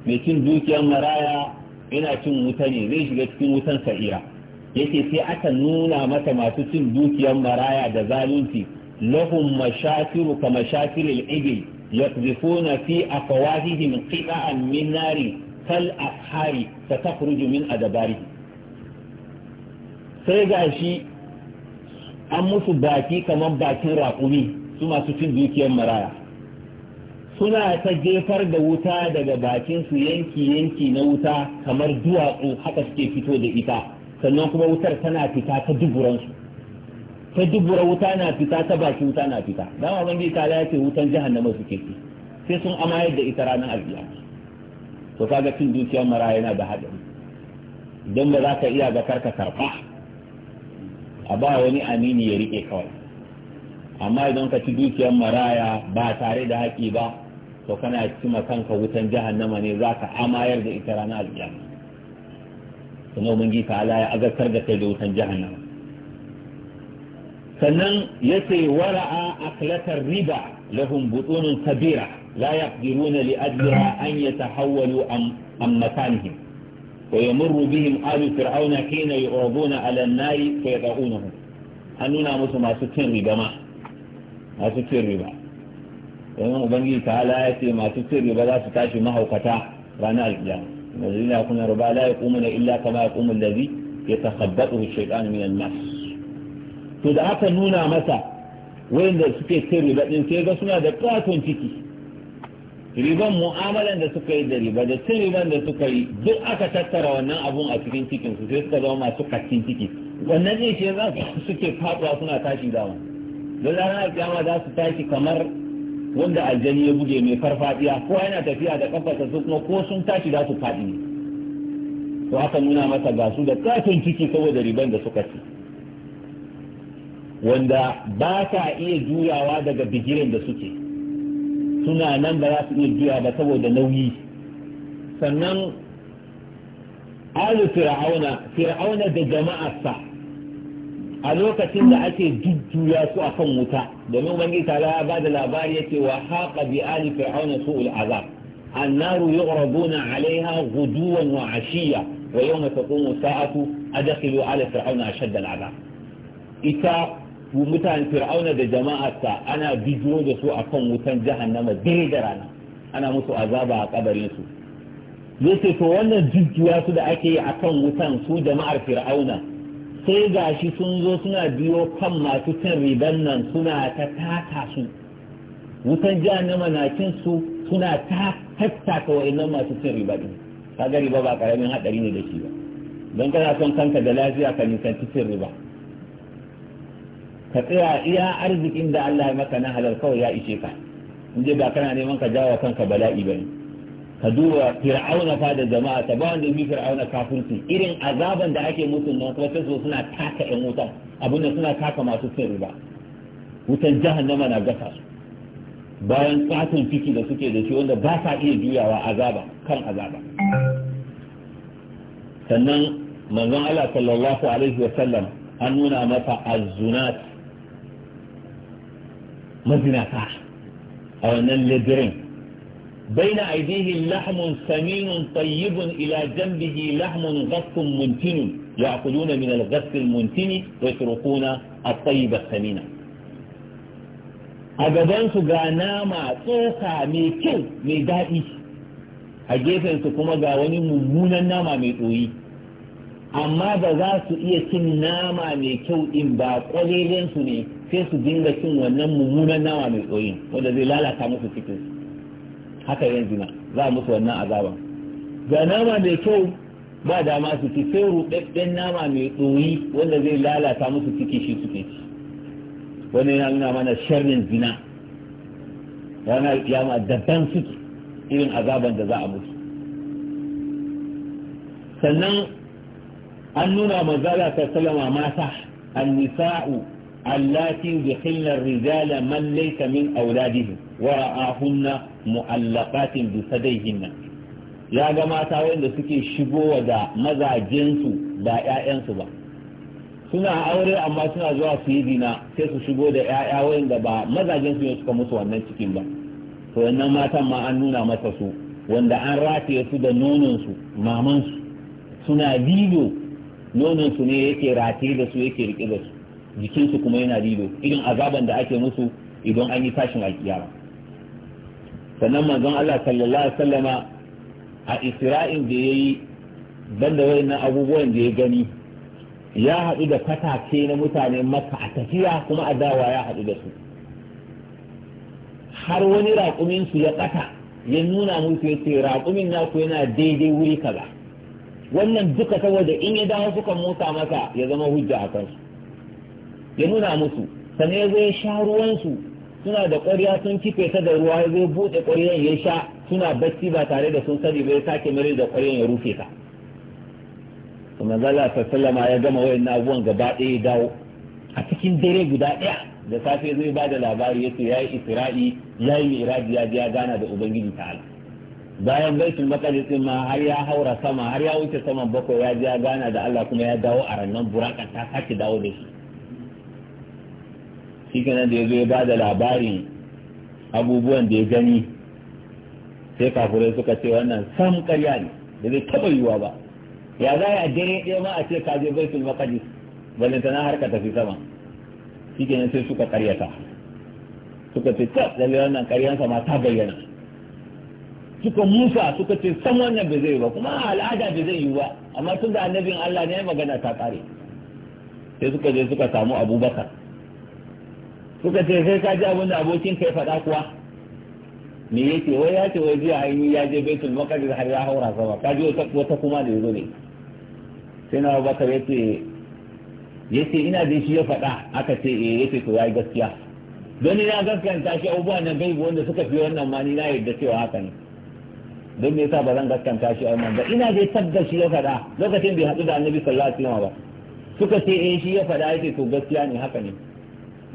mai cin dukiyar maraya yana cin wuta ne zai shiga cikin wutan sa'ira yake sai aka nuna mata masu cin dukiyar maraya da zalunci lahum mashatiru ka mashakiril ibil يقذفون في أفواههم قطعا من نار كالأسحار ستخرج من أدباره سيجا شيء أمس باكي كمان باكي راقمي ثم cin كيان maraya. suna ta jefar da wuta daga bakin su yanki yanki na wuta kamar duwatsu haka suke fito da ita sannan kuma wutar tana fita ta duburansu ta dubura wuta na fita ta baki wuta na fita dama ubangiji ta ya ce wutan jahannama suke ci sai sun amayar da ita ranar alƙiyama to kaga cin dukiya mara yana da hadari idan ba za ka iya ga karka karɓa a ba wani amini ya riƙe kawai amma idan ka ci dukiyar maraya ba tare da haƙi ba to kana cima kanka wutan jahannama ne za ka amayar da ita ranar alƙiyama sannan ubangiji ta ya azartar da kai da wutan jahannama sannan ya ce wara'a aklatar riba lahum butunun kabira la yaqdiruna li ajliha an yatahawwalu a makanihim wa yamurru bihim alu fir'auna hina yu'raduna ala ko ya fa yad'unahum an nuna musu masu cin riba ma masu cin riba domin ubangiji ta ala ya ce masu cin riba za su tashi mahaukata ranar alkiyama الذين يأكلون الربا لا يقومون إلا كما يقوم الذي يتخبطه الشيطان من المس to da aka nuna masa wanda suke cin riba din sai ga suna da katon ciki riban mu'amalan da suka yi da riba da cin riban da suka yi duk aka tattara wannan abun a cikin cikin su sai suka zama masu katin ciki wannan ne shi za suke faɗuwa suna tashi dama da ranar kiyama za su tashi kamar wanda aljani ya buge mai farfadiya ko yana tafiya da kafarsa su kuma ko sun tashi za su faɗi to aka nuna masa gasu da katon ciki saboda riban da suka ci wanda ba ta iya juyawa daga bigiren da suke suna nan ba za su iya juya ba saboda nauyi sannan alu fir'auna fir'auna da jama'arsa a lokacin da ake jujjuya su a kan wuta domin ubangiji ta ya ba da labari ya ce wa haƙa bi ali fir'auna su azab annaru yu'raduna alaiha guduwan wa ashiya wa yawma taqumu a adkhilu ala fir'auna ashadda al'azab ita mutane fir'auna da jama'arsa ana bijiyo da su akan wutan jahannama dare da rana ana musu azaba a kabarin su yace to wannan jijjuwa su da ake yi akan wutan su jama'ar fir'auna sai gashi sun zo suna biyo kan masu cin riban nan suna ta tata su wutan jahannama na cin su suna ta tattaka wa'annan masu cin riba din kaga riba ba karamin hadari ne da shi ba don kana son kanka da lafiya ka nisanci cin riba ka tsaya iya arzikin da Allah ya maka na halal kawai ya ishe ka in je ba kana neman ka jawo kanka bala'i ba ka duba fir'auna fa da jama'a ta ba wanda yi fir'auna kafirci irin azaban da ake musu nan kuma sai suna taka yan wutan abin suna taka masu sun riba wutan jahannama na gasa bayan katon ciki da suke da shi wanda ba sa iya juyawa azaba kan azaba sannan manzon Allah sallallahu alaihi wa sallam an nuna mata azzunat mazinata أو wannan بين أيديه لحم سمين طيب إلى جنبه لحم غص منتن يأكلون من الغص المنتن ويتركون الطيب السمين أجدانس غاناما توكا ميكو ميدائي أجيبنس كما غاوني ممونا ما ميتوي amma ba za su iya cin nama mai kyau din ba kwalelen su ne sai su dinga cin wannan mummunan nama mai tsoyi wanda zai lalata musu cikin haka yanzu na za musu wannan azaba ga nama mai kyau ba dama su ci sai ruɗaɗɗen nama mai tsoyi wanda zai lalata musu ciki shi suke ci wani yana nuna mana sharrin zina rana kiyama daban suke irin azaban da za a musu sannan an nuna manzala ta salama mata annisa'u allati yukhilna rijala man laysa min awladihi wa ra'ahunna mu'allaqatin bi sadayhinna ya ga mata wanda suke shigowa da mazajensu ba 'ya'yansu ba suna aure amma suna zuwa su yi zina sai su shigo da 'ya'ya wanda ba mazajensu su ne suka musu wannan cikin ba to wannan matan ma an nuna masa su wanda an rataye su da nonon su maman su suna lilo nonon su ne yake rate da su yake rike da su jikin kuma yana dido irin azaban da ake musu idan an yi tashin alkiyama sannan manzon Allah sallallahu alaihi wasallama a Isra'in da yayi banda wayannan abubuwan da ya gani ya haɗu da fatake na mutane maka a tafiya kuma a dawa ya haɗu da su har wani raƙumin su ya ƙata ya nuna musu ya ce raƙumin naku yana daidai wuri kaza wannan duka saboda in ya dawo suka mota masa ya zama hujja a kansu ya nuna musu sannan ya zo ya sha ruwansu suna da ƙwarya sun kife ta da ruwa ya zo buɗe ƙwaryan ya sha suna bacci ba tare da sun sani ba ya sake mare da ƙwaryan ya rufe ta kuma zala sallama ya gama wayan abubuwan gaba ɗaya ya dawo a cikin dare guda ɗaya da safe zai ba da labari ya ce ya yi isra'i ya yi ya gana da ubangiji ta'ala bayan baitul maqdis din ma har ya haura sama har ya wuce saman bakwai ya ya gana da Allah kuma ya dawo a rannan buraka ta sake dawo da shi shi kenan da ya zo ya ba da labarin abubuwan da ya gani sai kafurai suka ce wannan sam karya ne da zai taɓa yiwuwa ba ya za a dare ɗaya ma a ce ka je baitul maqdis balantana har ka tafi sama shi kenan sai suka karyata suka ce ta lalle wannan karyansa ma ta bayyana suka musa suka ce san wannan bai zai ba kuma al'ada bai zai yi ba amma tun da annabin Allah ne ya magana ta kare sai suka je suka samu abubakar suka ce sai ka ji abin da abokin kai faɗa kuwa me yake wai ya ce wai jiya ainihi ya je baitul maqdis har ya haura sama ka ji wata kuma da yazo ne sai na abubakar ya ce yace ina da shi ya faɗa aka ce eh yace to yayi gaskiya don ni na gaskanta shi abubuwa na gaibu wanda suka fi wannan ma ni na yarda cewa haka ne don me yasa ba zan gaskanta shi a wannan ba ina dai tabbas shi ya faɗa lokacin bai haɗu da annabi sallallahu alaihi wasallam ba suka ce eh shi ya faɗa yake to gaskiya ne haka ne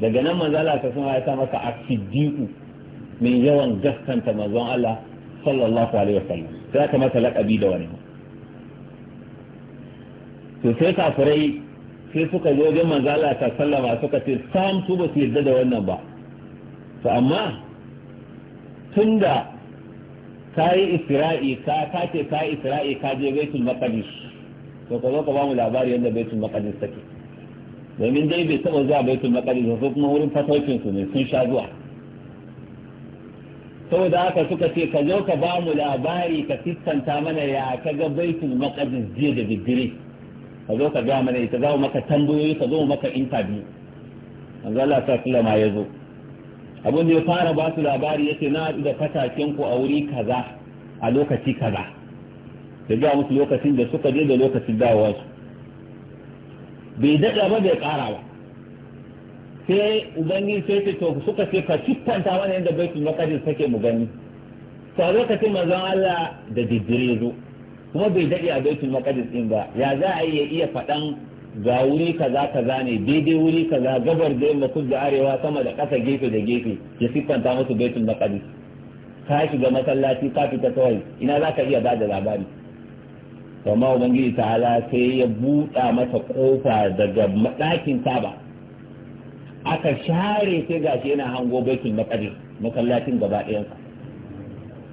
daga nan manzo Allah ta sama ya sa masa asidiku mai yawan gaskanta manzon Allah sallallahu alaihi wasallam sai aka masa laƙabi da wani to sai kafirai sai suka zo ga manzo Allah ta sallama suka ce sam su ba su yarda da wannan ba to amma tunda ka yi isra'i ka ka ce ka yi isra'i ka je baitul maqdis to ka zo ka ba mu labari yadda baitul maqdis take domin dai bai taba zuwa baitul maqdis ba kuma wurin fataucin su ne sun sha zuwa saboda haka suka ce ka zo ka ba mu labari ka fitanta mana ya ka ga baitul maqdis je da digiri ka zo ka ga mana ita za mu maka tambayoyi ka zo maka interview manzo Allah ta alaihi wasallam ya zo abin da ya fara ba su labari yace na haɗu da fataken ku a wuri kaza a lokaci kaza da ga musu lokacin da suka je da lokacin dawowa su bai daɗa ba bai ƙara ba sai ubangi sai ta to suka ce ka cikanta wani yadda baitul maqdis sake mu gani to a lokacin manzon Allah da diddire zo kuma bai daɗe a baitul maqdis din ba ya za a iya iya faɗan ga wuri kaza kaza ne daidai wuri kaza gabar da yamma kudu arewa sama da ƙasa gefe da gefe ya siffanta musu baitul maqdis ka shiga masallaci ka fita kawai ina za ka iya ba da labari amma ubangiji ta'ala sai ya buɗa masa ƙofa daga madakin saba aka share sai gashi yana hango baitul maqdis masallacin gaba ɗayansa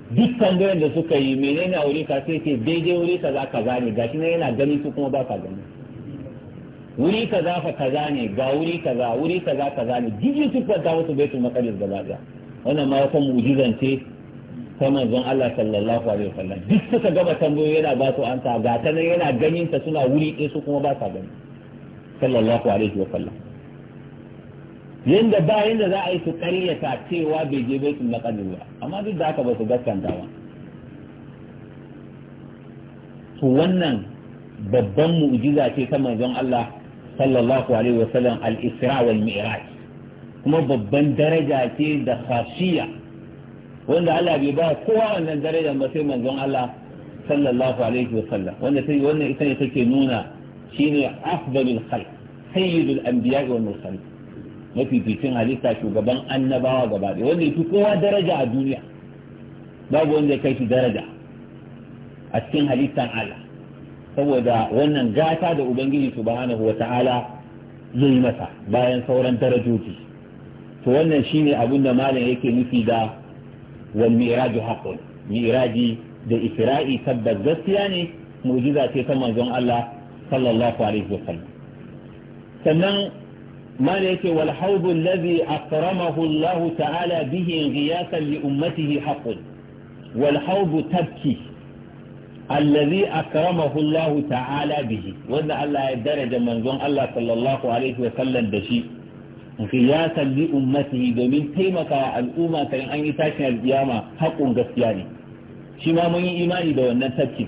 Dukkan bayan da suka yi menene a wuri ka sai ce daidai wuri kaza kaza ne gashi ne yana gani su kuma ba ka gani wuri kaza fa kaza ne ga wuri kaza wuri kaza kaza ne duk yusuf ta wasu baitul maqdis ba daya wannan ma wata mu'jizan ce ta manzon Allah sallallahu alaihi wasallam duk suka gaba tambayoyi yana ba su anta, ga ta nan yana ganin ta suna wuri ɗaya su kuma ba sa gani sallallahu alaihi wasallam yanda ba yanda za a yi su ƙaryata cewa bai je baitul maqdis ba amma duk da haka ba su gaskanta ba to wannan babban mu'jiza ce ta manzon Allah sallallahu alaihi wasallam al-isra wal mi'raj kuma babban daraja ce da khashiya wanda Allah bai ba kowa wannan daraja ba sai manzon Allah sallallahu alaihi wasallam wanda sai wannan ita ne take nuna shine afdalul khalq sayyidul anbiya wal mursalin mafificin halitta shugaban annabawa gaba ɗaya wanda yafi kowa daraja a duniya babu wanda ya kai shi daraja a cikin halittan Allah saboda wannan gata da ubangiji subhanahu wa ta'ala zai yi masa bayan sauran darajoji to wannan shine abin da malam yake nufi da wal mi'raju haqqun mi'raji da isra'i tabbas gaskiya ne mu'jiza ce ta manzon Allah sallallahu alaihi wasallam sannan malam yake wal hawdu allazi akramahu Allah ta'ala bihi ghiyasan li ummatihi haqqun wal hawdu tabki allazi akramahu Allah ta'ala bihi wanda Allah ya daraja manzon Allah sallallahu alaihi wa sallam da shi qiyasan li ummatihi domin taimaka al'umma kan an yi tashin alkiyama haƙun gaskiya ne shi ma mun yi imani da wannan tafki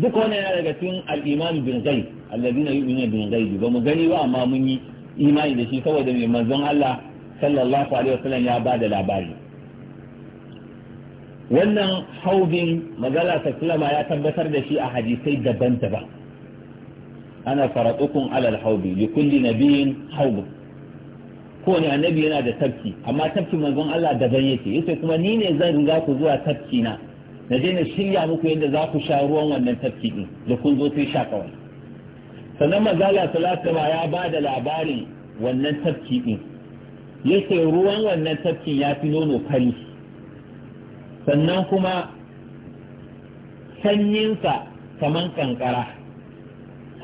duk wannan yana daga cikin al-iman bil ghaib allazina yu'minuna bin ghaib ba mu gani ba amma mun yi imani da shi saboda mai manzon Allah sallallahu alaihi wa sallam ya da labari wannan haubin magana ta sulama ya tabbatar da shi a hadisai daban-daban ana faratukun alal haubi li kulli nabiyin haubin kowane annabi yana da tafki amma tafki manzon Allah daban yake yace kuma ni ne zan riga ku zuwa tafki na na je na shirya muku yadda za ku sha ruwan wannan tafki din da kun zo sai sha kawai sannan mazala salatama ya ba da labarin wannan tafki din yace ruwan wannan tafki ya fi nono fari sannan kuma sanyinsa kaman kankara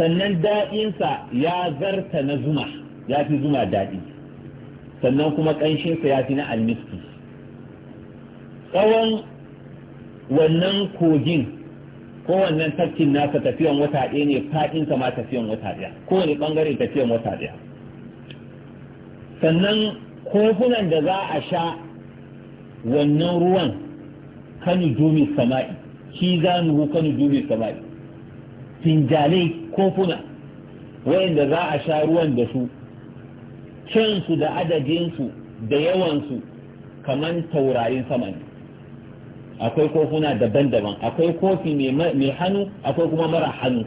sannan daɗinsa ya zarta na zuma ya fi zuma daɗi sannan kuma ƙanshinsa ya fi na almiski tsawon wannan kogin ko wannan tafkin nasa tafiyan wata ɗaya ne faɗinsa ma tafiyan wata ɗaya kowane ɓangare tafiyan wata ɗaya sannan kofunan da za a sha wannan ruwan kanu jumi sama'i shi za mu zanuhu kanu jumi sama'i finjalai kofuna wayanda za a sha ruwan da su kyansu da adadinsu da yawansu kaman taurarin sama ne akwai kofuna daban-daban akwai kofi mai hannu akwai kuma mara hannu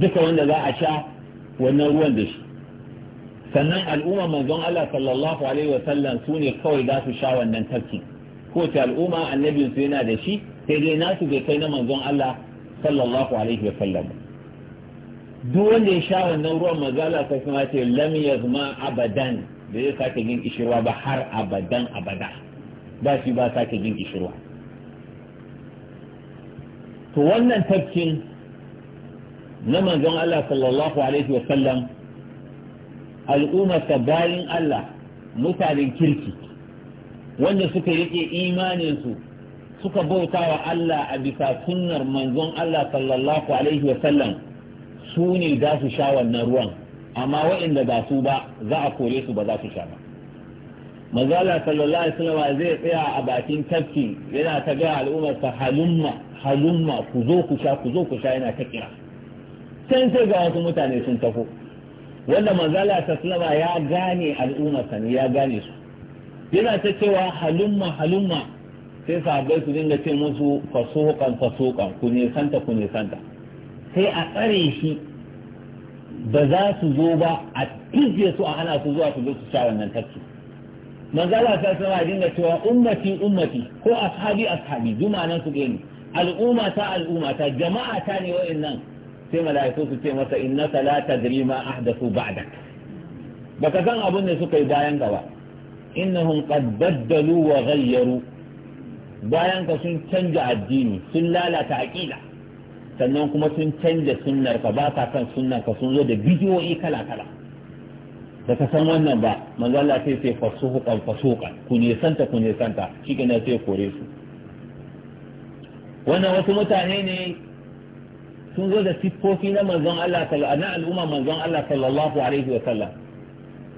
duka wanda za a sha wannan ruwan da shi sannan al'umma manzon Allah sallallahu alaihi wasallam su ne kawai za su sha wannan tafki Ko ta al'umma annabin su yana da shi sai dai nasu bai kai na manzon Allah sallallahu alaihi wa sallam duk wanda ya sha wannan ruwan manzo Allah sai kuma ce lam yazma abadan da zai sake jin kishirwa ba har abadan abada ba shi ba sake jin kishirwa to wannan tafkin na manzon Allah sallallahu alaihi wa sallam al'umma bayin Allah mutanen kirki wanda suka rike imaninsu suka bauta wa Allah a bisa sunnar manzon Allah sallallahu alaihi wa sallam su ne za su sha wannan ruwan amma waɗanda ba su ba za a kore su ba za su sha ba mazala sallallahu alaihi wasallam zai tsaya a bakin tafki yana ta ga al'ummar ta halumma halumma ku zo ku sha ku zo ku sha yana ta kira sai sai ga wasu mutane sun tafi. wanda manzala sallallahu ya gane al'ummar ne ya gane su yana ta cewa halumma halumma sai sahabbai su dinga ce musu fasuqan fasuqan ku ne santa ku ne santa sai a tsare shi ba za su zo ba a tije su a hana su zuwa su zo su sha wannan tafki manzala ta a dinga cewa ummati ummati ko ashabi ashabi nan su gani al'umma ta al'umma ta jama'a ta ne wa'annan sai mala'iku su ce masa innaka la tadri ma ahdathu ba'dak baka san abin da suka yi bayan gaba innahum qad baddalu wa ghayyaru bayan ka sun canja addini sun lalata aqida sannan kuma sun canja sunnar ka ba ka kan sunnar ka sun zo da bidiyoyi kala kala da ka san wannan ba manzo Allah sai sai fasuhuqan fasuqan ku ne santa ku ne santa shikenan sai kore su wannan wasu mutane ne sun zo da siffofi na manzon Allah na al'umma manzon Allah sallallahu alaihi wa sallam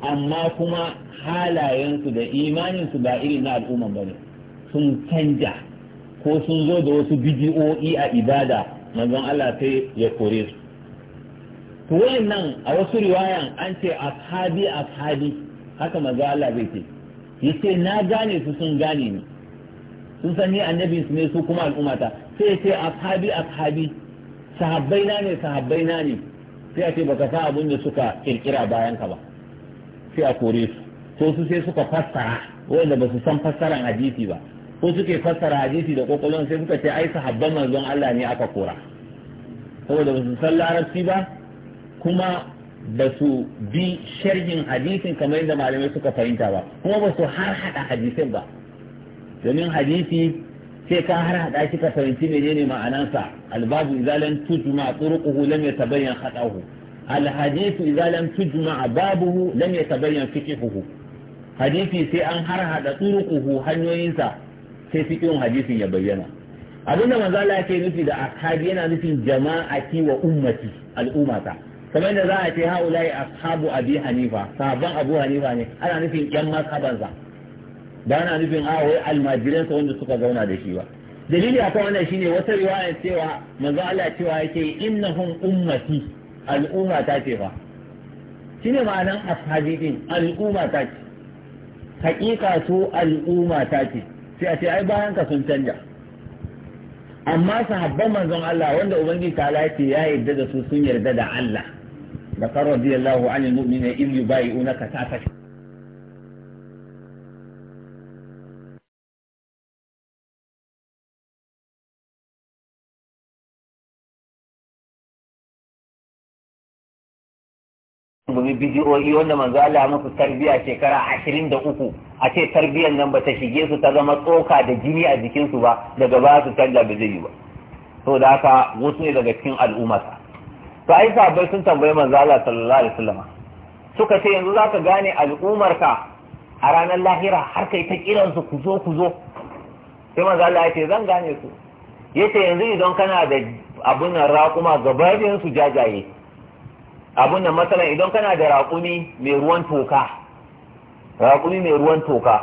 amma kuma halayensu da imaninsu ba irin na al'umman ba ne sun canja ko sun zo da wasu bidiyo'i a ibada manzon Allah sai ya kore su to wayannan a wasu riwayan an ce ashabi ashabi haka manzon Allah zai ce yace na gane su sun gane ni sun san ni annabi su ne su kuma al'ummata sai ya ce ashabi ashabi sahabbaina ne sahabbaina ne sai ya ce baka sa abin da suka kirkira bayan ka ba sai a kore su ko su sai suka fassara wanda ba su san fassaran hadisi ba ko suke fassara hadisi da kokolon sai suka ce ai sahabban manzon Allah ne aka kora saboda ba su san larabci ba kuma ba su bi sharhin hadisin kamar yadda malamai suka fahimta ba kuma ba su har hada hadisin ba domin hadisi sai ka har hada shi ka fahimci menene ma'anansa albabu izalan tutuma turuquhu lam yatabayyan khata'uhu الحديث إذا لم تجمع بابه لم يتبين فقهه hadisi sai an harhaɗa turuquhu hanyoyinsa sai cikin hadisin ya bayyana abinda manzo Allah yake nufi da ashabi yana nufin jama'ati wa ummati al'ummata kamar yadda za a ce haulai ashabu abi hanifa sahabban abu hanifa ne ana nufin yan mazhabansa ba ana nufin a wai almajiran sa wanda suka zauna da shi ba dalili akan wannan shine wata riwaya cewa manzo Allah cewa yake innahum ummati al'umma ta ce ba shi ne ma'anan ashabi din al'umma ta ce hakika su al'umma ta ce sai a ce ai bayan ka sun canja amma sahabban manzon Allah wanda ubangiji ta lafi ya yarda da su sun yarda da Allah da kar radiyallahu anil mu'minina in yubayi'unaka ta'ata gumi bidiyoyi wanda manzo Allah muku tarbiya shekara ashirin da uku a ce tarbiyan nan bata shige su ta zama tsoka da jini a jikinsu ba daga ba su canza ba zai yi ba to da haka wasu ne daga cikin al'ummata. to ai bai sun tambayi manzo Allah sallallahu alaihi wasallam suka ce yanzu zaka gane al'ummarka a ranar lahira har kai ta kiran su ku zo ku zo sai manzo Allah ya ce zan gane su yace yanzu idan kana da abun raƙuma gabarin su jajaye abun nan matsalan idan kana da raƙumi mai ruwan toka raƙumi mai ruwan toka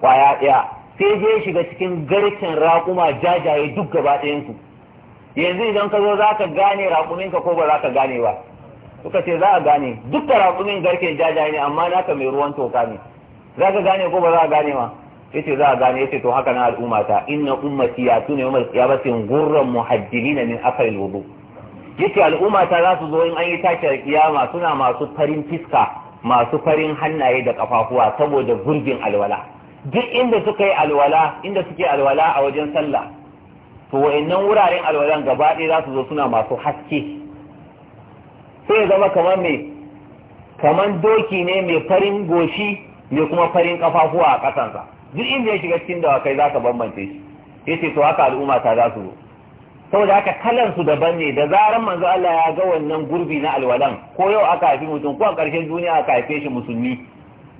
kwaya ɗaya sai je shiga cikin garken raƙuma jajaye duk gaba ɗayansu yanzu idan ka zo za ka gane raƙuminka ko ba za ka gane ba suka ce za a gane duk da raƙumin garken jajaye ne amma naka mai ruwan toka ne za ka gane ko ba za a gane ma yace za a gane yace to haka na al'ummata inna ummati ya tuna yawmal qiyamati gurran muhajjilina min afal wudu' yake al'umma ta za su zo in an yi tashi kiyama suna masu farin fiska masu farin hannaye da kafafuwa saboda gurbin alwala duk inda suka yi alwala inda suke alwala a wajen sallah to wayannan wuraren alwalan gaba ɗaya za su zo suna masu haske sai ya zama kamar me kamar doki ne mai farin goshi mai kuma farin kafafuwa a ƙasansa duk inda ya shiga cikin dawakai za ka bambance shi yace to haka al'umma ta za su zo saboda haka kalan su daban ne da zarar manzo Allah ya ga wannan gurbi na alwalan ko yau aka haifi mutum ko a ƙarshen duniya aka haife shi musulmi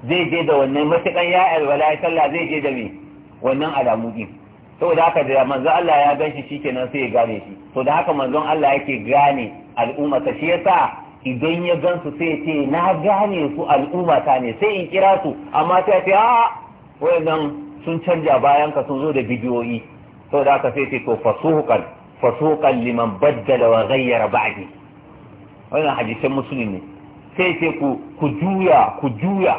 zai je da wannan matukan ya alwala ya sallah zai je da me wannan alamu din saboda haka da manzo Allah ya gan ganshi shikenan sai ya gane shi to da haka manzo Allah yake gane al'ummata shi yasa idan ya gansu sai ce na gane su al'ummata ne sai in kira su amma sai ce a wayannan sun canja bayan ka sun zo da bidiyoyi saboda haka sai ce to kan. fasuqan liman baddala wa ghayyara ba'di wannan hadisan musulmi ne sai ce ku ku juya ku juya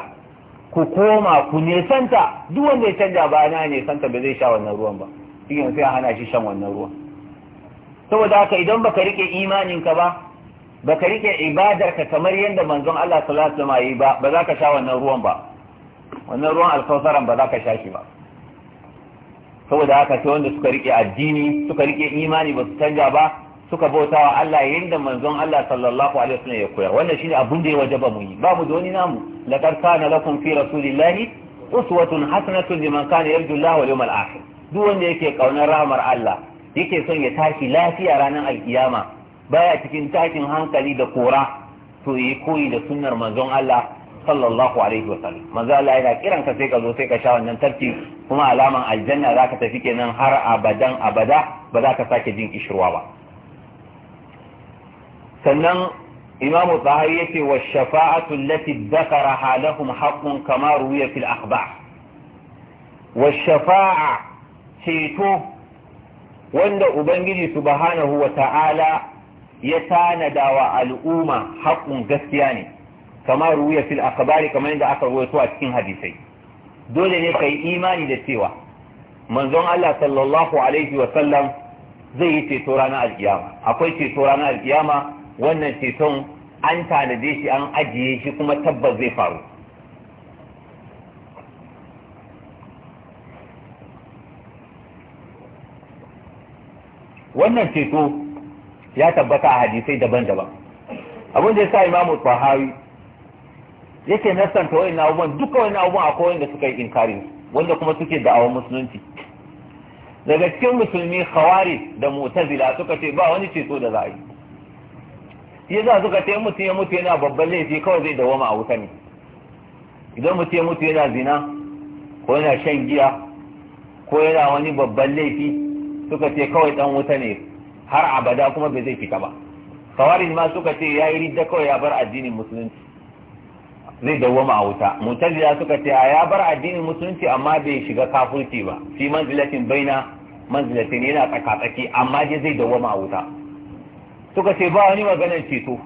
ku koma ku nesanta duk wanda ya canja bayana ya nesanta ba zai sha wannan ruwan ba cikin sai hana shi shan wannan ruwan saboda haka idan baka rike imaninka ba baka rike ibadarka kamar yadda manzon Allah sallallahu alaihi wasallam ba ba za ka sha wannan ruwan ba wannan ruwan alkausaran ba za ka sha shi ba saboda haka sai wanda suka rike addini suka rike imani ba su canja ba suka bauta wa Allah yadda manzon Allah sallallahu alaihi wasallam ya koyar wannan shine abin da ya wajaba mu yi ba mu da wani namu laqad kana lakum fi rasulillahi uswatun hasanatun liman kana yarju Allah wal yawmal akhir duk wanda yake kaunar rahmar Allah yake son ya tashi lafiya ranar alkiyama baya cikin takin hankali da kora to yi koyi da sunnar manzon Allah sallallahu alaihi wa sallam manzo Allah yana kiran ka sai ka zo sai ka sha wannan tafki kuma alaman aljanna za ka tafi kenan har abadan abada ba za ka sake jin kishirwa ba sannan imamu tsahari yake wa shafa'atu allati dakara halahum haqqun kama ruwiya fil akhbar wa shafa'a ceto wanda ubangiji subhanahu wa ta'ala ya tanada wa al'umma haƙƙun gaskiya ne kama ruwiya fil akhbari kamar yadda aka rawaito a cikin hadisai dole ne kai imani da cewa manzon Allah sallallahu alaihi wa sallam zai yi ceto ranar alkiyama akwai ceto ranar alkiyama wannan ceton an tanade shi an ajiye shi kuma tabbas zai faru wannan ceto ya tabbata a hadisai daban-daban abin da ya sa imamu tsahawi yake nasanta wani abubuwan duka wani abubuwan akwai da suka yi inkari wanda kuma suke da'awar musulunci daga cikin musulmi khawari da mu'tazila suka ce ba wani ceto da za a yi yasa suka ce mutum ya mutu yana babban laifi kawai zai dawama a wuta ne idan mutum ya mutu yana zina ko yana shan giya ko yana wani babban laifi suka ce kawai dan wuta ne har abada kuma bai zai fita ba kawarin ma suka ce ya yi ridda kawai ya bar addinin musulunci zai dawwama a wuta mutazila suka ce a ya bar addinin musulunci amma bai shiga kafirci ba fi manzilatin baina manzilatin yana tsakatsaki amma dai zai dawwama a wuta suka ce ba wani maganar ceto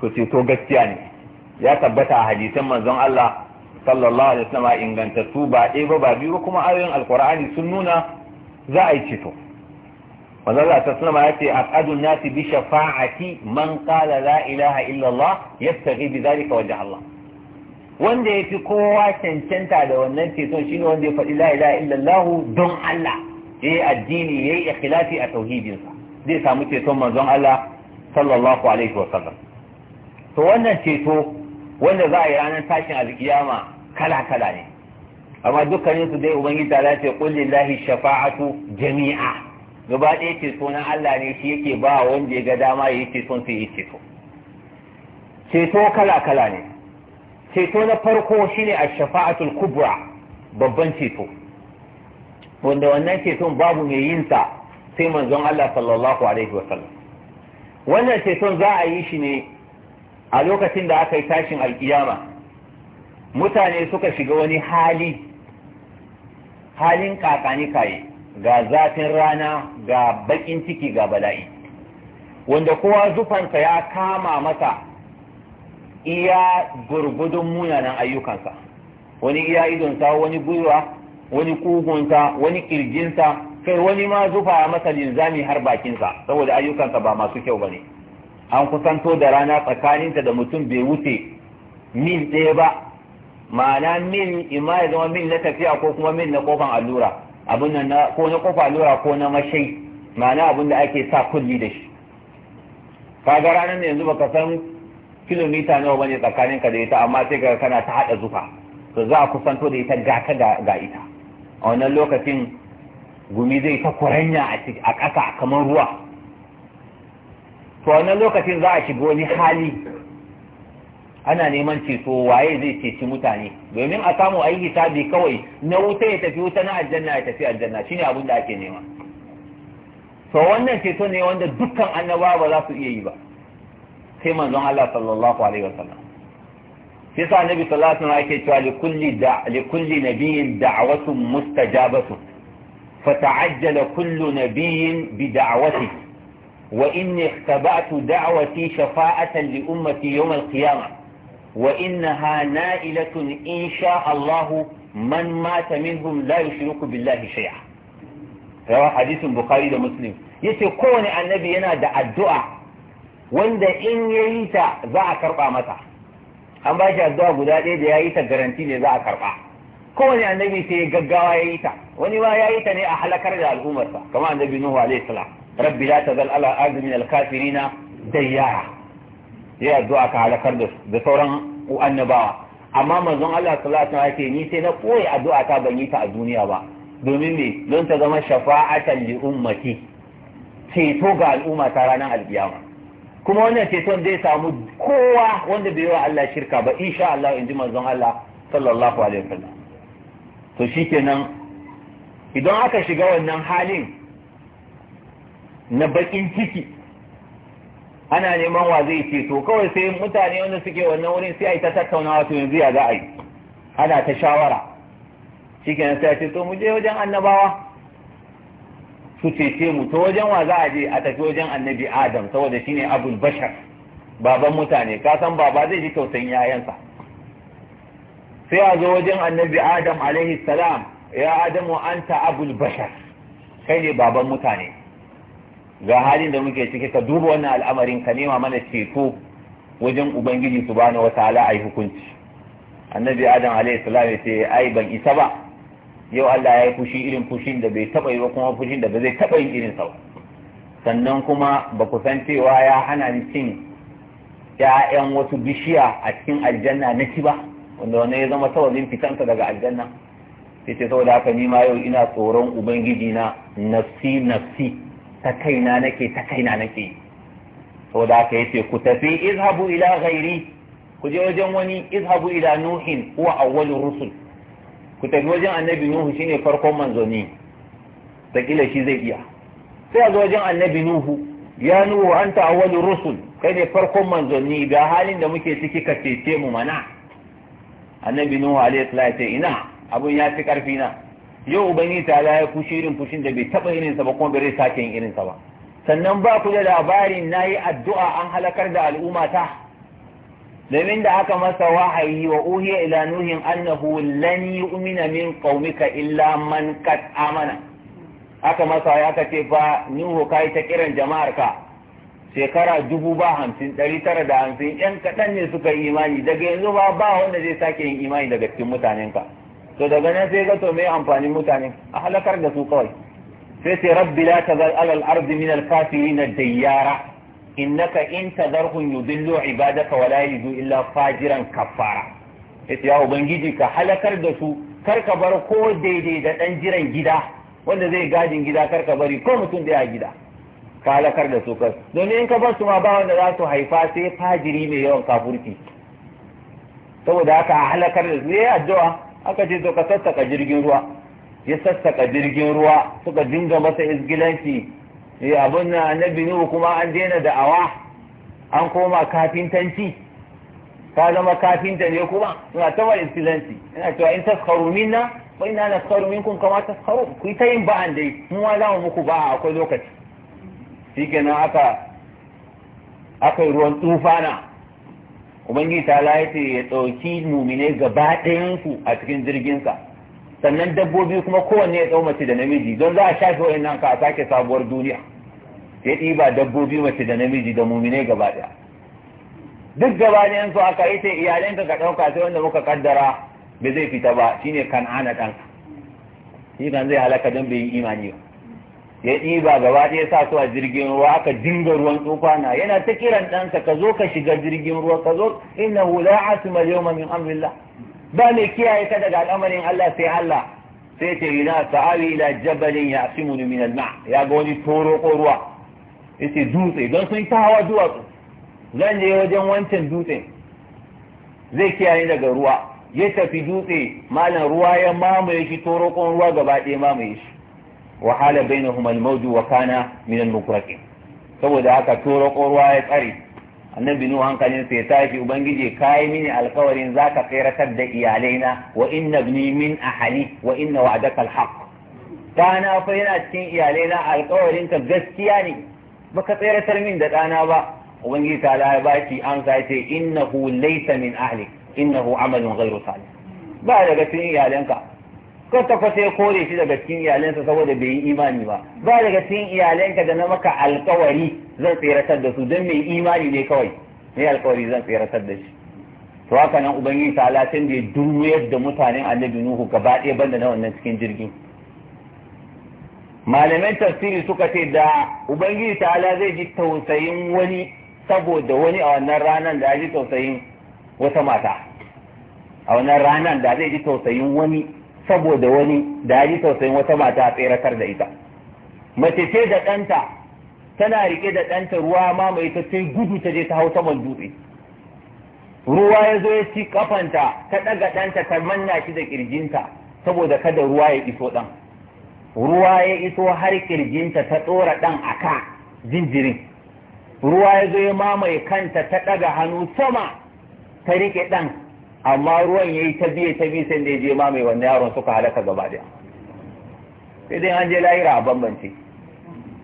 to ceto gaskiya ne ya tabbata a hadisan manzon Allah sallallahu alaihi wasallam ingantattu ba ɗaya ba ba biyu kuma ayoyin alqur'ani sun nuna za a yi ceto manzala ta ma ya ce aqadun nasi bi shafa'ati man kala la ilaha illa Allah yastaghi bi zalika wajh Allah wanda fi kowa cancanta da wannan ceton shine wanda ya faɗi la ilaha illa don Allah yi addini yayi ikhlasi a tauhidin zai samu ceton manzon Allah sallallahu alaihi wa sallam to wannan ceto wanda za a yi ranar tashin alkiyama kala kala ne amma dukkaninsu dai ubangiji ta ce qul lahi shafa'atu jami'a gaba ɗaya ceto na Allah ne shi yake ba wanda ya ga dama ya yi ceton sai ya yi ceto ceto kala kala ne ceto na farko shi shine a shafa'atul kubra babban ceto wanda wannan ceton babu mai yin sa sai manzon Allah sallallahu alaihi wa wannan ceton za a yi shi ne a lokacin da aka yi tashin alkiyama mutane suka shiga wani hali halin kakani kayi. ga zafin rana ga bakin ciki ga bala'i wanda kowa zufansa ya kama masa iya gurgudun munanan ayyukansa wani iya idonsa wani gwiwa wani kugunsa wani kirjinsa kai wani ma zufa ya masa linzami har bakinsa saboda ayyukansa ba masu kyau ba ne an kusanto da rana tsakaninta da mutum bai wuce min ɗaya ba ma'ana min ima ya zama min na tafiya ko kuma min na kofan allura abin nan ko na kofa lura ko na mashai ma'ana abin da ake sa kulli da shi kaga ranar da yanzu baka san kilomita nawa bane ka da ita amma sai ka kana ta hada zufa to za a kusanto da ita ga ka ga ita a wannan lokacin gumi zai ta kuranya a ƙasa kamar ruwa to wannan lokacin za a shiga wani hali ana neman ceto waye zai ceci mutane domin a samu ayi hisabi kawai na wuta ya tafi wuta na aljanna ya tafi aljanna shine abin da ake nema to wannan ceto ne wanda dukkan annaba ba za su iya yi ba sai manzon Allah sallallahu alaihi wasallam sai sa annabi sallallahu alaihi wasallam yake cewa li kulli da li kulli nabiyyin da'watun mustajabatu fata'ajjala kullu nabiyyin bi da'watihi وإني اختبأت دعوتي شفاعة لأمتي يوم القيامة wa innaha na'ilatun insha Allah man mata minhum la yushriku billahi shay'a rawa hadisin bukhari da muslim yace kowane annabi yana da addu'a wanda in yi ta za a karba mata an ba shi addu'a guda ɗaya da yi ta garanti ne za a karba kowane annabi sai gaggawa yi ta wani ma yi ta ne a halakar da al'ummarsa kamar annabi nuhu alaihi salam rabbi la tazal ala ardi al-kafirina dayyara ya addu'a ka halakar da su da sauran annabawa amma manzon Allah sallallahu alaihi wasallam yake ni sai na koyi addu'a ta ban yi ta a duniya ba domin me don ta zama shafa'atan li ummati ceto ga al'umma ta ranar alkiyama kuma wannan ceton zai samu kowa wanda bai yi wa Allah shirka ba insha Allah in ji manzon Allah sallallahu alaihi wasallam to shikenan idan aka shiga wannan halin na bakin ciki ana neman wa zai to kawai sai mutane wanda suke wannan wurin sai a yi ta tattaunawa to yanzu ya za a yi ana ta shawara shi kenan sai a ce to mu je wajen annabawa su cece mu to wajen wa za a je a tafi wajen annabi adam saboda shi ne abul bashar baban mutane ka san baba zai ji tausayin yayansa sai a zo wajen annabi adam alaihi salam ya adamu anta abul bashar kai ne baban mutane ga halin da muke ciki ka duba wannan al'amarin ka nema mana ceto wajen ubangiji su subhanahu wataala ayi hukunci annabi adam alayhi salam ce, ai ban isa ba yau Allah ya yi fushi irin fushin da bai taba yi ba kuma fushin da ba zai taba yin irin sa sannan kuma ba ku san cewa ya hana ni cin yayan wasu bishiya a cikin aljanna na ci ba wanda wannan ya zama tawazin fitansa daga aljanna sai ce saboda haka ni ma yau ina tsoron ubangiji na nafsi nafsi ta kaina nake ta kaina nake to da aka yace ku tafi izhabu ila ghairi ku je wajen wani izhabu ila nuhin huwa awwalur rusul ku tafi wajen annabi nuhu shine farkon manzoni ta kila shi zai iya sai a zo wajen annabi nuhu ya nuhu anta awwalur rusul kai ne farkon manzoni ga halin da muke ciki ka cece mu mana annabi nuhu alaihi salatu ina abun ya fi karfi na yau ubangiji ta ya fushi irin fushin da bai taba sa ba kuma bai sake yin irin sa ba sannan ba ku da labarin nayi addu'a an halakar da al'umma ta domin da aka masa wahayi wa uhiya ila nuhin annahu lan yu'mina min qaumika illa man qad amana aka masa ya kace fa nuhu kai ta kiran jama'ar ka shekara dubu ba hamsin ɗari tara da hamsin yan kaɗan ne suka yi imani daga yanzu ba ba wanda zai sake yin imani daga cikin mutanen ka to daga nan sai ga to me amfanin mutane a halakar da su kawai sai sai rabbi la tazal alal ardi min al kafirin dayyara innaka in tadarhum yudillu ibadaka wala yajidu illa fajiran kafara yace ya ubangiji ka halakar da su karka ka bar ko daidai da dan jiran gida wanda zai gadin gida karka bari ko mutum da ya gida ka halakar da su kai domin in ka bar su ma ba wanda za su haifa sai fajiri mai yawan kafurci saboda haka a halakar da su yayi addu'a aka ce to ka sassaka jirgin ruwa ya sassaka jirgin ruwa suka dinga masa izgilanci ya eh, abin na annabi nuhu kuma an daina da'awa an koma kafintanci ka zama kafinta ne kuma suna ta wa izgilanci ina cewa in tasharu minna wa ina naskaru minkum kama tasharu ku yi ta yin ba'an dai mu ma muku ba akwai lokaci shikenan aka aka yi ruwan tufana. ubangiji ta la ya ɗauki mumine gaba ɗayansu a cikin jirginsa sannan dabbobi kuma kowanne ya tsau mace da namiji don za a shafe wa'in nan ka a sake sabuwar duniya ya ɗiba dabbobi mace da namiji da muminai gaba ɗaya duk gaba ɗayansu aka yi ta iyalanka ka ɗauka sai wanda muka kaddara ba zai fita ba shine kan'ana ɗanka shi kan zai halaka don bai yi imani ba ya ɗiba gaba ɗaya sa su a jirgin ruwa aka dinga ruwan tsufa na yana ta kiran ɗansa ka zo ka shiga jirgin ruwa ka zo inna la asma yawma min amrillah ba mai kiyaye ka daga al'amarin Allah sai Allah sai ce ina sa'awi ila jabalin fi mu al na ya ga wani toro ko ruwa ce dutse don sun ta hawa duwatsu zan je wajen wancan dutse zai kiyaye daga ruwa ya tafi dutse malam ruwa ya mamaye shi torokon ruwa gaba ɗaya mamaye shi wahala hala bainahum al wa kana min al saboda haka toro ruwa ya tsare annabi nuhu hankalin sai tashi ubangiji kai mini alkawarin zaka tsiratar da iyalaina wa inna ibni min ahli wa inna wa'daka al-haqq fa yana cikin iyalaina alkawarin ka gaskiya ne baka tsiratar min da dana ba ubangiji ta la ba shi an sai ce innahu laysa min ahli innahu amalun ghayru salih ba daga cikin iyalanka ta kwata ya kore shi daga cikin iyalansa saboda bai yi imani ba ba daga cikin iyalanka da na maka alkawari zan tseratar da su don mai imani ne kawai mai alkawari zan tseratar da shi to haka nan ubangiji ta alatin da ya duruyar da mutanen annabi nuhu gaba ɗaya banda na wannan cikin jirgin malaman tafsiri suka ce da ubangiji ta ala zai ji tausayin wani saboda wani a wannan ranar da ya ji tausayin wata mata a wannan ranar da zai ji tausayin wani saboda wani da ya ji tausayin wata mata a tseratar da ita mace ce da ɗanta tana riƙe da ɗanta ruwa ma mai ta sai gudu ta je ta hau saman dutse ruwa ya zo ya ci kafanta ta ɗaga ɗanta ta manna shi da ƙirjinta saboda kada ruwa ya iso ɗan ruwa ya iso har ƙirjinta ta ɗora ɗan a kan jinjirin ruwa ya zo ya mamaye kanta ta ɗaga hannu sama ta riƙe ɗan amma ruwan ya yi ta biye ta biye sai da je ma mai wannan yaron suka halaka gaba daya sai dai an je layira a bambance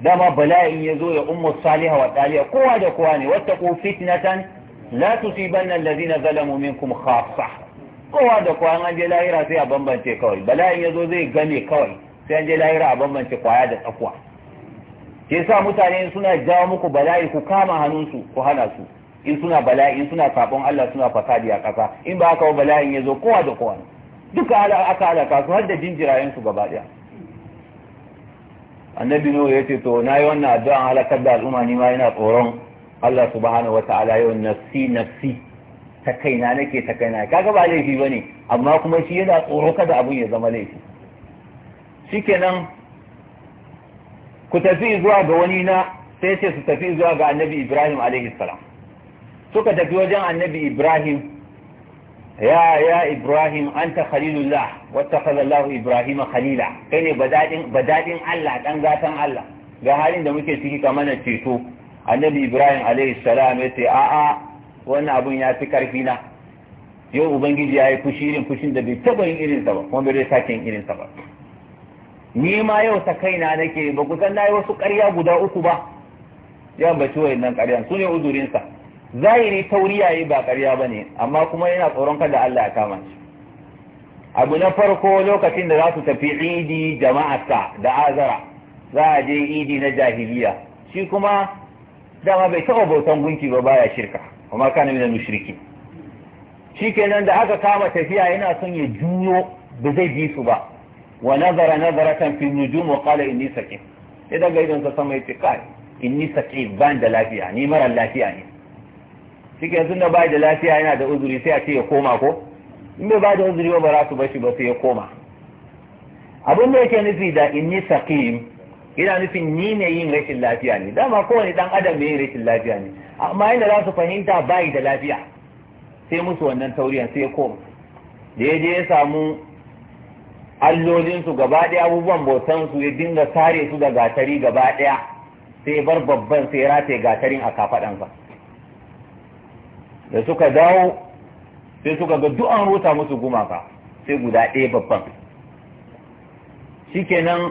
dama bala'in ya zo ya ummu saliha wa daliya kowa da kowa ne wattaqu fitnatan la tusiban allazina zalamu minkum khassa kowa da kowa an je layira sai a bambance kawai bala'in ya zo zai game kawai sai an je lahira a bambance kwaya da tsakuwa ke sa mutane suna jawo muku bala'i ku kama hannunsu ku hana su in suna bala'i in suna sabon Allah suna fasadi a ƙasa, in ba haka bala'in ya zo kowa da kowa duka aka ka su har da jinjirayen su gaba daya annabi nuhu ya ce to na yi wannan addu'an halakar da al'umma ni ma yana tsoron Allah subhanahu wa ta'ala yau nafsi nafsi ta kaina nake ta kaina kaga ba laifi bane amma kuma shi yana tsoro kada abun ya zama laifi shikenan ku tafi zuwa ga wani na sai ce su tafi zuwa ga annabi Ibrahim alaihi salam suka tafi wajen annabi ibrahim ya ya ibrahim anta khalilullah wattakhadha allah ibrahima khalila kai ne badadin badadin allah dan gatan allah ga halin da muke ciki kamar na ceto annabi ibrahim alaihi salam ya ce a'a wannan abun ya fi karfi na yau ubangiji ya yi fushi irin fushin da bai taba yin irinsa ba kuma bai sake yin irinsa ba ni ma yau ta kaina nake ba ku san yi wasu ƙarya guda uku ba ya bace wayannan ƙaryan su ne uzurinsa zahiri tauriya yi ba ƙarya ba ne amma kuma yana tsoron kada Allah ya kama shi abu na farko lokacin da za su tafi idi jama'arsa da azara za a je idi na jahiliya shi kuma dama bai taɓa bautan gunki ba baya shirka kuma kana mina mushriki shi kenan da aka kama tafiya yana son ya juyo ba zai bi su ba wa nazara nazara fi nujum wa qala inni saqim sai daga idan sa sama yace kai inni saqim ban da lafiya ni mara lafiya ne cikin sun da bai da lafiya yana da uzuri sai a ce ya koma ko in bai ba da uzuri ba ba su bashi ba sai ya koma abin da yake nufi da inni saƙim yana nufin ni ne yin rashin lafiya ne dama kowane ɗan adam ne yin rashin lafiya ne amma yadda za su fahimta bai da lafiya sai musu wannan tauriyan sai ya koma da ya je ya samu allolinsu gaba ɗaya abubuwan su ya dinga sare su da gatari gaba ɗaya sai bar babban sai rataye gatarin a kafaɗansa da suka dawo sai suka ga duk an rusa musu gumaka sai guda ɗaya babban shikenan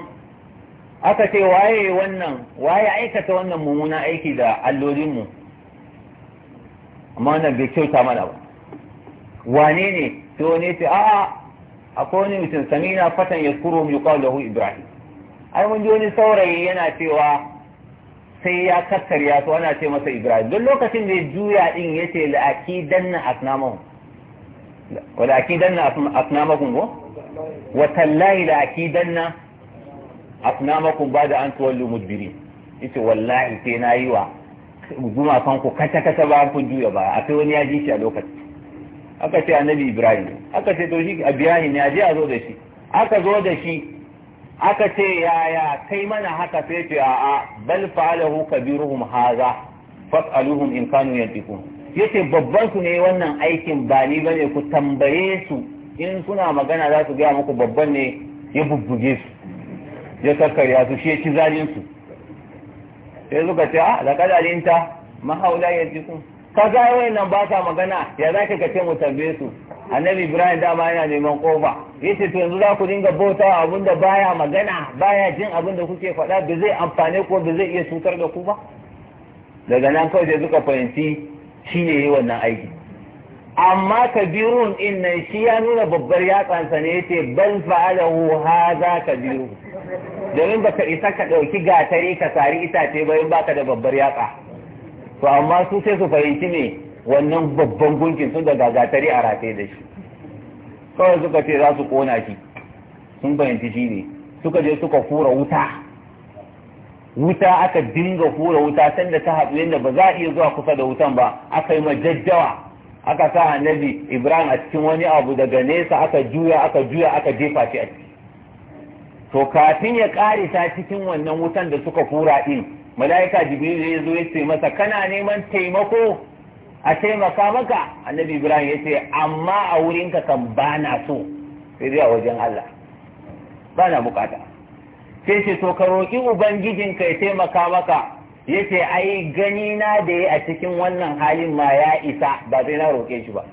aka ce waye wannan waye aikata wannan mummunan aiki da allolinmu amma wannan bai kyauta mana ba wane ne to ne ce a akwai wani mutum samina fatan ya kuro mu yi lahu ibrahim ai mun ji wani saurayi yana cewa sai ya kakkarya su ana ce masa ibrahim don lokacin da ya juya din ya ce la'akidan na asnamahum wala'akidan na asnamahum ko watallahi la'akidan na asnamahum ba da an tuwallu mudbiri ita wallahi sai na yi wa gumakan ku kata kata ba kun juya ba a kai wani ya ji shi a lokacin aka ce annabi ibrahim aka ce to shi a biya ne a je a zo da shi aka zo da shi aka ce yaya kai mana haka sai ce a'a bal fa'alahu kabiruhum haza fas'aluhum in kanu yantiqun yace babban su ne wannan aikin ba ni bane ku tambaye su in suna magana za su gaya muku babban ne ya bubbuge su ya ya su shi ya ci zalin su sai suka ce a laqad alinta ma haula kaga nan ba ta magana ya za ka ce mu tambaye su annabi ibrahim dama yana neman kofa yace to yanzu za ku dinga bauta abin da baya magana baya jin abinda kuke faɗa ba zai amfane ko ba zai iya cutar da ku ba daga nan kawai sai suka fahimci shi ne yi wannan aiki amma kabirun din nan shi ya nuna babbar yatsansa ne yace bal fa'alahu hadha kabiru domin baka isa ka ɗauki gatari ka sari itace ba in baka da babbar yatsa to amma su sai su fahimci ne wannan babban gunkin sun da gagatari a rataye da shi kawai suka ce za su kona shi sun fahimci shi ne suka je suka fura wuta wuta aka dinga fura wuta sanda ta haɗu yadda ba za a iya zuwa kusa da wutan ba aka yi majajjawa aka sa annabi ibrahim a cikin wani abu daga nesa aka juya aka juya aka jefa shi a ciki to kafin ya ƙarisa cikin wannan wutan da suka fura in mala'ika jibril ya zo ya ce masa kana neman taimako a taimaka maka annabi ibrahim ya ce amma a wurinka kan ba na so sai dai a wajen allah ba na bukata sai ce to ka roƙi ka ya taimaka maka ya ce ai gani na da ya a cikin wannan halin ma ya isa ba sai na roƙe shi ba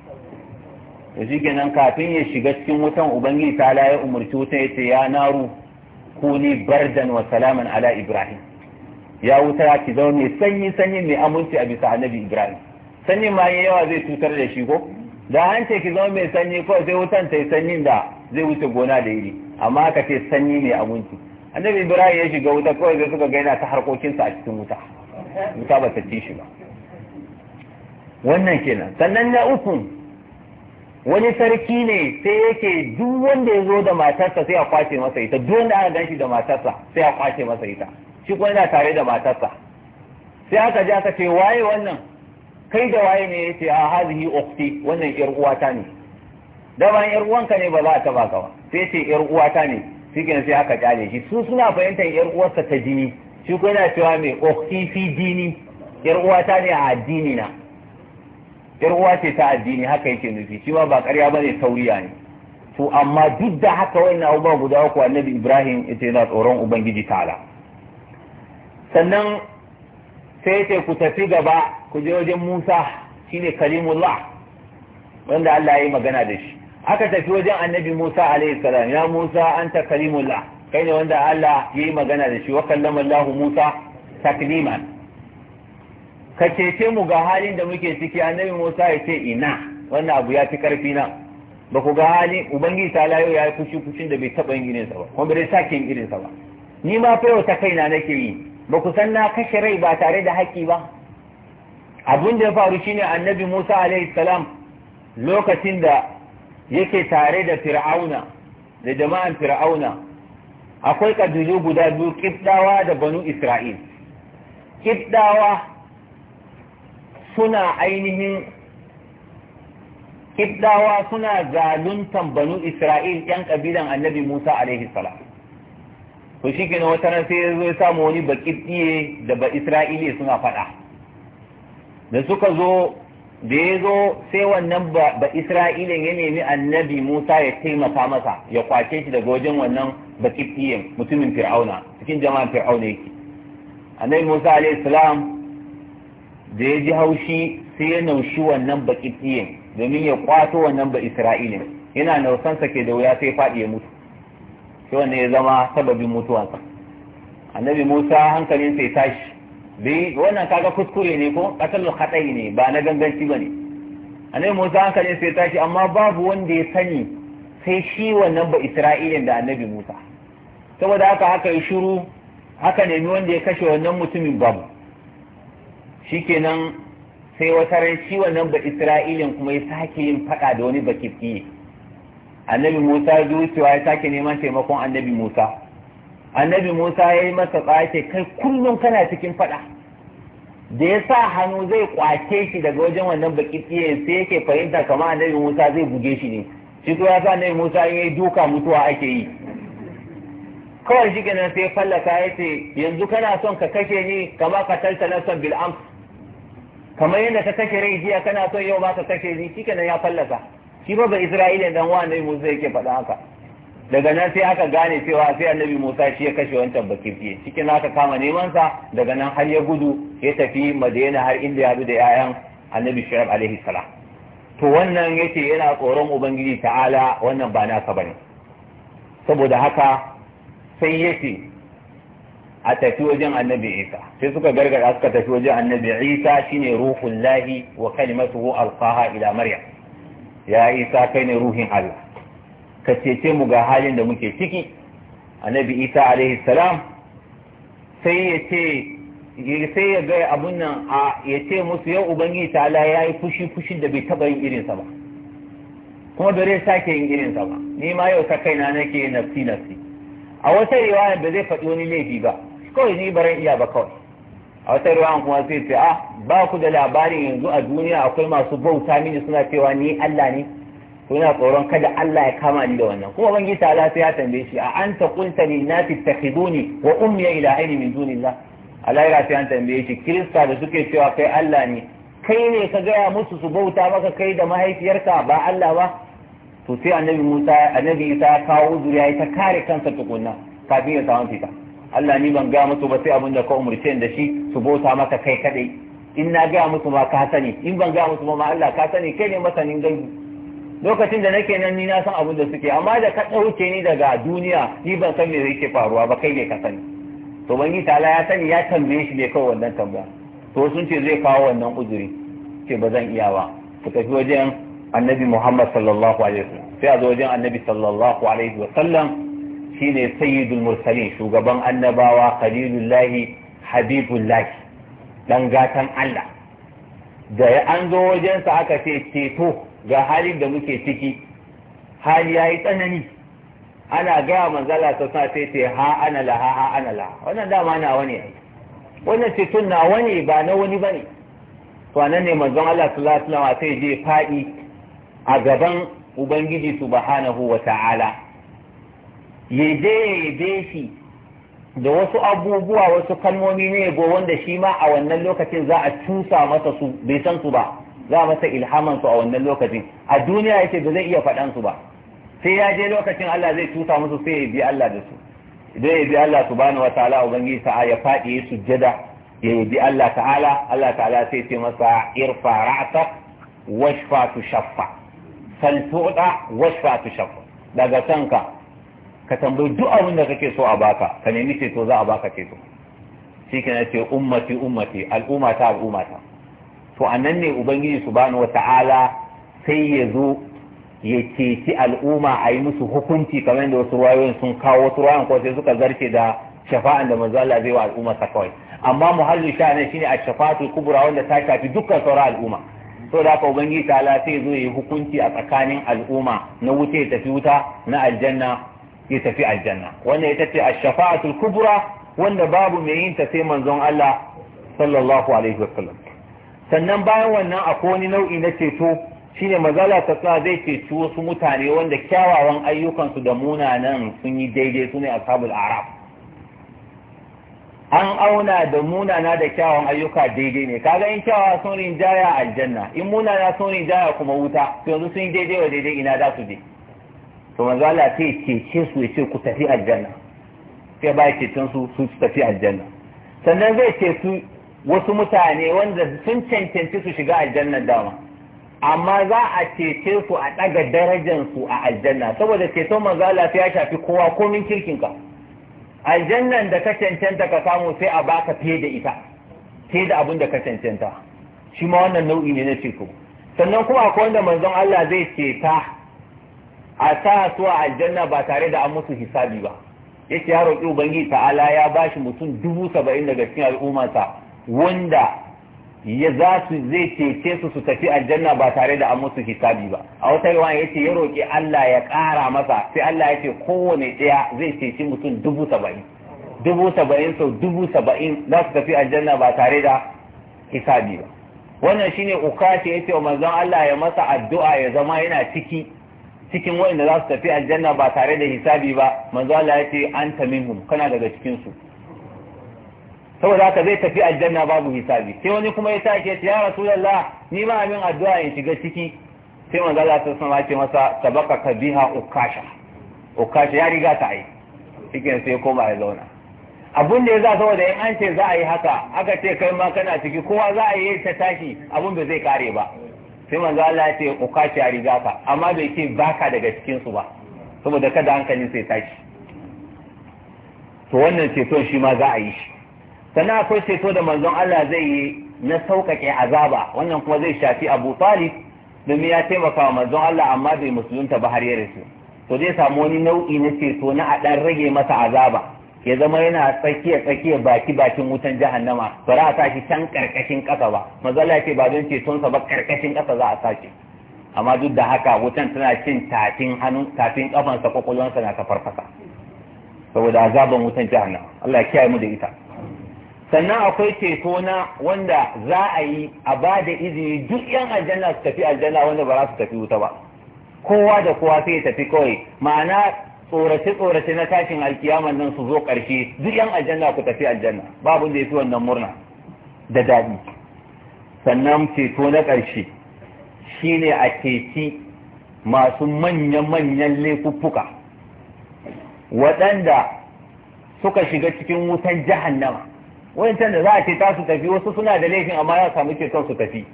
da shi kenan kafin ya shiga cikin wutan ubangiji ta ya umarci wutan ya ce ya naru ni bardan wa salaman ala ibrahim ya wuta ya ki zama mai sanyi sanyi mai aminci a bisa annabi ibrahim sanyi ma yayi yawa zai cutar da shi ko da an ce ki zama mai sanyi ko sai wutan ta yi sanyin da zai wuce gona da iri amma aka ce sanyi mai aminci annabi ibrahim ya shiga wuta kawai zai suka gaina ta harkokinsa a cikin wuta wuta ba ta ci shi ba wannan kenan sannan na uku wani sarki ne sai yake duk wanda ya zo da matarsa sai a kwace masa ita duk wanda aka gan da matarsa sai a kwace masa ita shi kuma yana tare da matarsa sai aka ji aka ce waye wannan kai da waye ne yace a hazihi ukhti wannan yar uwata ne da ban yar uwanka ne ba za ta baka ba sai ce yar uwata ne cikin sai aka kyale shi su suna fahimtar yar uwarsa ta jini shi kuma yana cewa me ukhti fi dini yar uwata ne a addini na yar uwa ce ta addini haka yake nufi shi ma ba ƙarya bane tauriya ne to amma duk da haka wannan abubuwa guda uku annabi Ibrahim ita yana tsoron ubangiji ta'ala sannan sai ce ku tafi gaba ku je wajen Musa shine kalimullah wanda Allah ya yi magana da shi aka tafi wajen annabi Musa alaihi salam ya Musa anta kalimullah kai ne wanda Allah ya yi magana da shi wa kallama Allah Musa takliman ka cece mu ga halin da muke ciki annabi Musa ya ce ina wannan abu ya fi karfi na ba ku ga hali ubangiji ta layo ya yi fushi fushin da bai taɓa yin irinsa ba kuma bai sake yin irinsa ba ni ma fa yau ta kaina nake yi ba ku san na kashe rai ba tare da haƙƙi ba abin da ya faru shine annabi Musa alaihi salam lokacin da yake tare da fir'auna da jama'an fir'auna akwai ƙabilu guda biyu kibdawa da banu isra'il kibdawa suna ainihin kibdawa suna zaluntan banu isra'il yan ƙabilan annabi Musa alaihi salam to shi na wata ran sai ya zo samu wani tsiye da ba isra'ili suna faɗa da suka zo da ya zo sai wannan ba isra'ilin ya nemi annabi musa ya taimaka masa ya kwace shi daga wajen wannan tsiye mutumin fir'auna cikin jama'a fir'auna yake annabi musa alayhi salam da ya ji haushi sai ya naushi wannan tsiye domin ya kwato wannan ba isra'ilin yana nausansa ke da wuya sai faɗi ya mutu sai wanda ya zama sababin mutuwansa annabi musa hankalin sai tashi bi wannan kaga kuskure ne ko katalul khata'i ne ba na ganganci bane annabi musa hankalin sai tashi amma babu wanda ya sani sai shi wannan ba isra'ilin da annabi musa saboda haka haka yi shiru haka nemi wanda ya kashe wannan mutumin babu shikenan sai wata ran shi wannan ba isra'ilin kuma ya sake yin fada da wani ne. annabi musa ya ya sake neman taimakon annabi musa annabi musa ya yi masa tsace kai kullum kana cikin faɗa da ya sa hannu zai kwace shi daga wajen wannan baki tsiye sai yake fahimta kamar annabi musa zai buge shi ne shi ya sa annabi musa ya yi duka mutuwa ake yi kawai shi kenan sai fallaka ya ce yanzu kana son ka kashe ni kama ka na son bil'am kamar yadda ka kashe rai jiya kana son yau ma ka kashe ni shi kenan ya fallaka shi ba isra'ila dan wa annabi musa yake faɗa haka daga nan sai aka gane cewa sai annabi musa shi ya kashe wancan fiye. cikin aka kama neman sa daga nan har ya gudu ya tafi madina har inda ya haɗu da yayan annabi shu'aib alaihi salam to wannan yace yana tsoron ubangiji ta'ala wannan ba naka bane saboda haka sai yace a tafi wajen annabi isa sai suka gargada suka tafi wajen annabi isa shine ruhul lahi wa kalimatuhu alqaha ila maryam ya isa kai ne ruhin Allah ka cece mu ga halin da muke ciki annabi isa alaihi salam sai ya ce sai ya ga abun nan a ya ce musu yau ubangiji ta ya yi fushi fushin da bai taba yin irinsa ba kuma bare sake yin irinsa ba ni ma yau ta kaina nake nafsi nafsi a wata riwaya ba zai faɗi wani laifi ba kawai ni baran iya ba kawai a wata ruwan kuma sai ce ah ba ku da labarin yanzu a duniya akwai masu bauta mini suna cewa ni Allah ne to ina tsoron kada Allah ya kama ni da wannan kuma ban gita Allah sai ya tambaye shi a anta qulta lin nasi takhiduni wa ummi ila aini min dunillah Allah ya sai ya tambaye shi kirista da suke cewa kai Allah ne kai ne ka gaya musu su bauta maka kai da mahaifiyarka ba Allah ba to sai annabi Musa annabi Isa ya kawo zuriya ta kare kansa tukunna kafin ya samu fita Allah ni ban gaya musu ba sai abin da ka umurce da shi su bauta maka kai kadai in na gaya musu ma ka sani in ban gaya musu ba ma Allah ka sani kai ne masanin gangi lokacin da nake nan ni na san abin da suke amma da ka dauke ni daga duniya ni ban san me yake faruwa ba kai ne ka sani to ban yi tala ya sani ya tambaye shi ne kawai wannan tambaya to sun ce zai kawo wannan uzuri ce ba zan iya ba ku tafi wajen annabi Muhammad sallallahu alaihi wasallam sai a zo wajen annabi sallallahu alaihi wasallam Shi ne sayyidul mursalin shugaban annabawa khalilullahi habibullahi dan gatan Allah da ya an zo wajensa aka ce ceto ga halin da muke ciki hali yayi tsanani ana gaya manzala ta sa sai ce ha ana laha ha ana laha wannan dama wani ai wannan ceton na wani, ba na wani bane to anan ne manzon Allah sallallahu alaihi wasallam sai je fadi a gaban ubangiji subhanahu wa ta'ala ya je ya yabe shi da wasu abubuwa wasu kalmomi ne go wanda shi ma a wannan lokacin za a cusa masa su bai san su ba za a masa ilhaman su a wannan lokacin a duniya yake ba zai iya faɗan su ba sai ya je lokacin Allah zai cusa musu sai ya bi Allah da su idan ya bi Allah subhanahu wataala ubangiji ta ya faɗi ya sujjada ya yabi Allah ta'ala Allah ta'ala sai ce masa irfa ra'sak washfa tushaffa sal tu'da washfa tushaffa daga sanka. ka tambayi duk abin da kake so a baka ka nemi ceto za a baka ceto shi ke ce ummati ummati al'umma ta. to a nan ne ubangiji su wa ta'ala sai ya zo ya ceci al'umma a yi musu hukunci kamar da wasu ruwayoyin sun kawo wasu ruwayoyin ko sai suka zarce da shafa'an da manzo Allah zai wa al'umma sa kawai amma muhallu shi shine a shafatu kubra wanda ta shafi dukkan sauran al'umma so da haka ubangiji ta'ala sai zo yi hukunci a tsakanin al'umma na wuce tafi wuta na aljanna ya tafi aljanna wannan ita ce ash-shafa'atul kubra wanda babu mai yin ta sai manzon Allah sallallahu alaihi wasallam sannan bayan wannan akwai wani nau'i na ceto shine mazala ta sa zai ceci wasu mutane wanda kyawawan ayyukansu da munanan sun yi daidai su ashabul arab an auna da munana da kyawawan ayyuka daidai ne kaga in kyawawa sun rinjaya aljanna in munana sun rinjaya kuma wuta yanzu sun yi daidai wa daidai ina za su je to manzo Allah sai cece su ya ce ku tafi aljanna sai ba ya cecen su su tafi aljanna sannan zai ce su wasu mutane wanda sun cancanci su shiga aljanna dama amma za a cece su a ɗaga darajar su a aljanna saboda ceton manzo Allah ya shafi kowa komin ka. aljannan da ka cancanta ka samu sai a baka fiye da ita fiye da abin da ka cancanta shi ma wannan nau'i ne na ceto sannan kuma akwai wanda manzon Allah zai ceta a sa su a aljanna ba tare da an musu hisabi ba yake ya roƙi ubangi ta'ala ya bashi mutum dubu saba'in daga cikin al'ummarsa wanda ya za su zai cece su su tafi aljanna ba tare da an musu hisabi ba a wata yawa ya ce ya roƙi Allah ya ƙara masa sai Allah ya ce kowane ɗaya zai ceci mutum dubu saba'in dubu saba'in sau dubu saba'in za su tafi aljanna ba tare da hisabi ba wannan shine ukashi ce wa manzon Allah ya masa addu'a ya zama yana ciki cikin waɗanda za su tafi aljanna ba tare da hisabi ba manzo Allah ya ce anta minhum kana daga cikinsu. su saboda haka zai tafi aljanna babu hisabi sai wani kuma ya sake ce ya rasulullah ni ma min addu'a in shiga ciki sai manzo Allah ta sama ce masa sabaka kabiha ukasha ukasha ya riga ta yi cikin sai koma ya zauna abun da ya za saboda in an ce za a yi haka aka ce kai ma kana ciki kowa za a yi ta tashi abun bai zai kare ba sai manzo Allah ya ce ukaci a riga ka amma bai ce baka daga cikin su ba saboda kada hankalin sai tashi to wannan ceton shi ma za a yi shi sannan akwai ceto da manzon Allah zai yi na sauƙaƙe azaba wannan kuma zai shafi Abu Talib domin ya taimaka wa manzon Allah amma bai musulunta ba har ya rasu to zai samu wani nau'i na ceto na a ɗan rage masa azaba ya zama yana tsakiya tsakiya baki bakin wutan jahannama ba za a shi can karkashin kasa ba mazala ce ba don cetonsa ba karkashin kasa za a shi amma duk da haka wutan tana cin tafin hannu tafin kafansa sa na ta farfasa saboda azaban wutan jahannama Allah ya kiyaye mu da ita sannan akwai ceto na wanda za a yi a ba da izini duk yan aljanna su tafi aljanna wanda ba za su tafi wuta ba kowa da kowa sai ya tafi kawai ma'ana tsorace-tsorace na tashin alkiyaman nan su zo ƙarshe duk yan aljanna ku tafi aljanna babu da ya wannan murna da daɗi sannan ceto na ƙarshe shine a ceci masu manya-manyan laifuffuka waɗanda suka shiga cikin wutan jahannama wancan da za a ce ta su tafi wasu suna da laifin amma ya samu ceton su tafi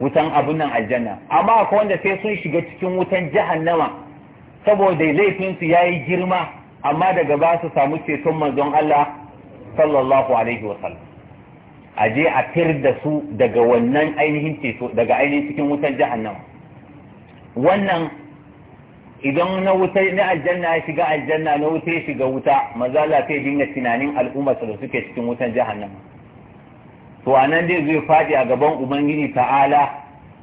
wutan abunan aljanna amma akwai wanda sai sun shiga cikin wutan jahannama saboda laifinsu ya yi girma amma daga ba su samu ceton manzon Allah sallallahu alaihi wasallam a je a fir da su daga wannan ainihin ceto daga ainihin cikin wutar jahannama wannan idan na wutar na aljanna ya shiga aljanna na wuta ya shiga wuta maza lafiya dinga tunanin al'umma da suke cikin wutar jahannama to anan dai zai faɗi a gaban ubangiji ta'ala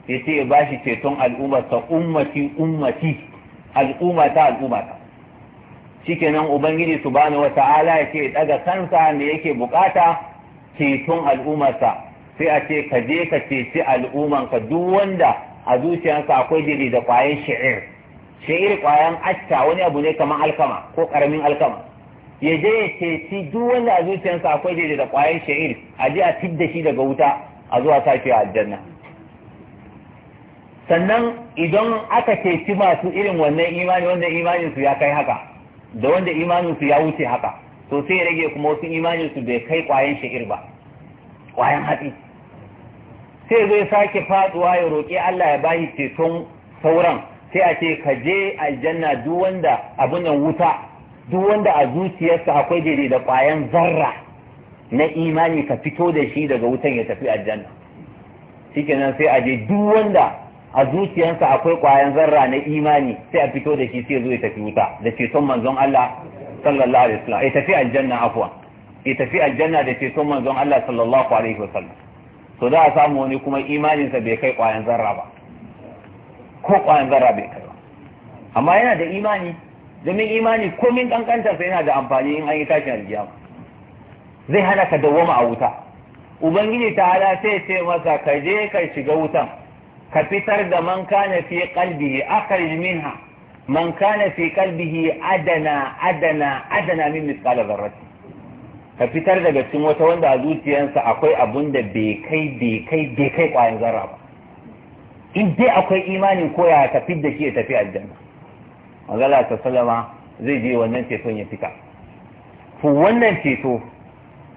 ya ce ya bashi ceton al'umma ta ummati ummati al'umma ta al'umma ta shikenan ubangiji subhanahu wata'ala yake daga kansa me yake bukata ceton al'ummarsa sai a ce ka je ka ceci ka. duk wanda a zuciyarsa akwai jiri da kwayan shi'ir shi'ir kwayan acca wani abu ne kamar alkama ko karamin alkama ya je ya ceci duk wanda a zuciyarsa akwai jiri da kwayan shi'ir a je a fidda shi daga wuta a zuwa sashi a aljanna sannan idan aka ceci masu irin wannan imani wanda imanin su ya kai haka da wanda imanin su ya wuce haka to sai rage kuma wasu imanin su bai kai kwayan sha'ir ba kwayan hatsi sai zai sake faduwa ya roƙi Allah ya bashi ceton sauran sai a ce ka je aljanna duk wanda abun nan wuta duk wanda a zuciyarsa akwai daidai da kwayan zarra na imani ka fito da shi daga wutan ya tafi aljanna shikenan sai a je duk wanda a zuciyarsa akwai ƙwayan zarra na imani sai a fito da shi sai zo ya tafi wuta da ceton manzon Allah sallallahu alaihi wasallam ya tafi aljanna afwa ya tafi aljanna da ceton manzon Allah sallallahu alaihi wasallam to za a samu wani kuma imaninsa bai kai ƙwayan zarra ba ko ƙwayan zarra bai kai ba amma yana da imani domin imani komin sai yana da amfani in an yi tashin alkiyama zai hana ka dawwama a wuta ubangiji ta hala sai ce masa ka je ka shiga wutan ka fitar da man kana fi qalbihi akhrij minha man kana fi qalbihi adana adana adana min misqal dharrati ka fitar daga cikin wata wanda a zuciyarsa akwai abun da bai kai bai kai bai kai kwayan zarra ba in dai akwai imani ko ya tafi da shi ya tafi aljanna magana ta salama zai je wannan ceton ya fita to wannan ceto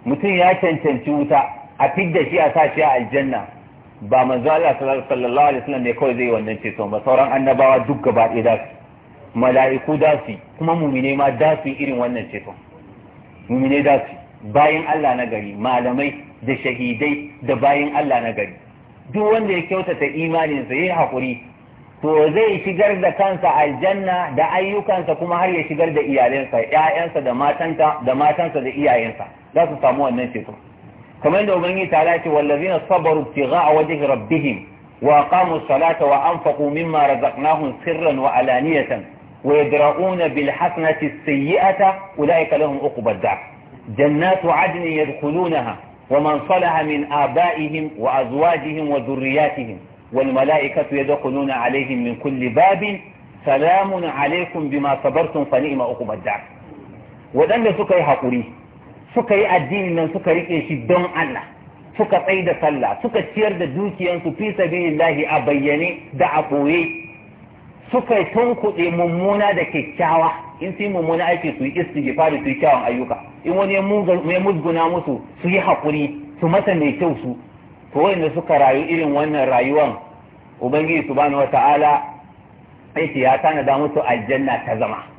mutum ya cancanci wuta a fidda shi a sa shi a aljanna ba manzo Allah sallallahu alaihi wasallam ne kawai zai wannan ceto ba sauran annabawa duk gaba ɗaya da su mala'iku da su kuma mumine ma da su irin wannan ceto mumine da su bayan Allah na gari malamai da shahidai da bayan Allah na gari duk wanda ya kyautata imaninsa yayi hakuri to zai shigar da kansa aljanna da ayyukansa kuma har ya shigar da iyalansa ƴaƴansa da matansa da matansa da iyayensa za su samu wannan ceto كما عند أبنين تعالى والذين صبروا ابتغاء وجه ربهم وأقاموا الصلاة وأنفقوا مما رزقناهم سرا وعلانية ويدرؤون بالحسنة السيئة أولئك لهم أقبى الدعف جنات عدن يدخلونها ومن صلح من آبائهم وأزواجهم وذرياتهم والملائكة يدخلون عليهم من كل باب سلام عليكم بما صبرتم فنئم أقبى الدعف وذنب سكي حقوريه suka yi addinin nan suka rike shi don Allah suka tsai da sallah suka ciyar da dukiyansu fi sabilillahi a bayyane da a ɓoye suka tunkuɗe mummuna da kyakkyawa in su yi mummuna aiki su yi istighfari su yi kyawun ayyuka in wani ya musguna musu su yi haƙuri su masa mai kyau su to wanda suka rayu irin wannan rayuwan ubangiji subhanahu wata'ala aiki ya tanada musu aljanna ta zama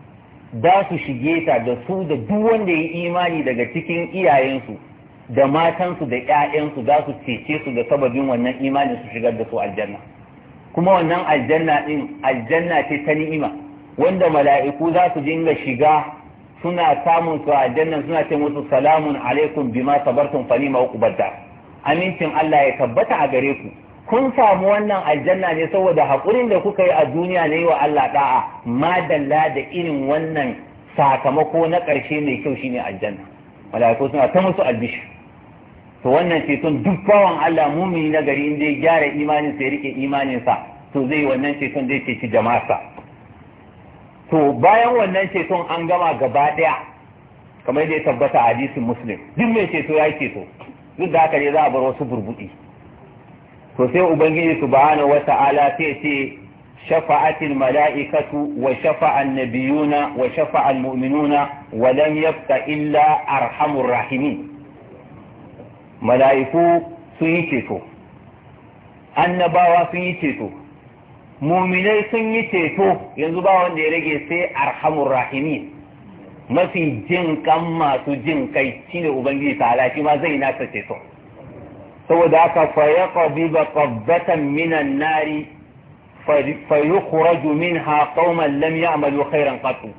za su shige ta da su da duk wanda ya imani daga cikin iyayensu da matansu da ƴaƴansu za su cece su da sababin wannan imanin su shigar da su aljanna kuma wannan aljanna din aljanna ce ta ni'ima wanda mala'iku za su dinga shiga suna samun su aljanna suna ce musu salamun alaikum bima sabartum fa ma uqbadda amincin Allah ya tabbata a gare ku kun samu wannan aljanna ne saboda haƙurin da kuka yi a duniya ne wa Allah da'a madalla da irin wannan sakamako na ƙarshe mai kyau shine aljanna malaiku suna ta musu albishi to wannan ceton duk bawan Allah mumini na gari in ya gyara imanin sa ya rike imanin sa to zai wannan ceton zai ci jama'arsa to bayan wannan ceton an gama gaba daya kamar da ya tabbata a hadisin muslim duk mai ceto ya ceto duk da haka ne za a bar wasu burbuɗi to sai ubangiji subhanahu wata'ala sai ce shafa'atil mala'ikatu wa shafa'an nabiyuna wa shafa'al mu'minuna wa lam yabqa illa arhamur rahimin mala'iku sun yi ceto annabawa sun yi ceto muminai sun yi ceto yanzu ba wanda ya rage sai arhamur rahimi mafi jin kan masu jin kai shine ubangiji ta'ala halaki ma zai nasa ceto saboda haka fa yaqbi qabdatan minan nari fa yukhraju minha qauman lam ya'malu khairan qatu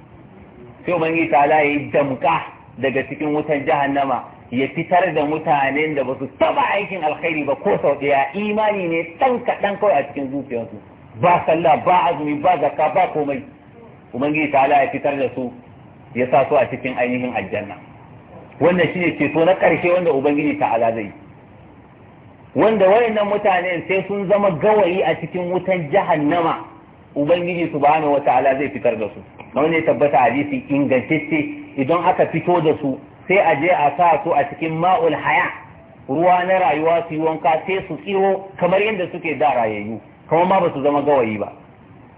sai ta ala yi damka daga cikin wutan jahannama ya fitar da mutanen da ba su taba aikin alkhairi ba ko sau ɗaya imani ne ɗan kaɗan kawai a cikin zuciyarsu ba sallah ba azumi ba zakka ba komai ubangiji ta ala ya fitar da su ya sa su a cikin ainihin aljanna wannan shine ceto na ƙarshe wanda ubangiji ta zai yi wanda wayannan mutane sai sun zama gawayi a cikin wutan jahannama ubangiji subhanahu wataala zai fitar da su kamar ne tabbata hadisi ingantacce idan aka fito da su sai a je a sa su a cikin ma'ul haya ruwa na rayuwa su yi wanka sai su tsiro kamar yadda suke da rayayyu kamar ma ba su zama gawayi ba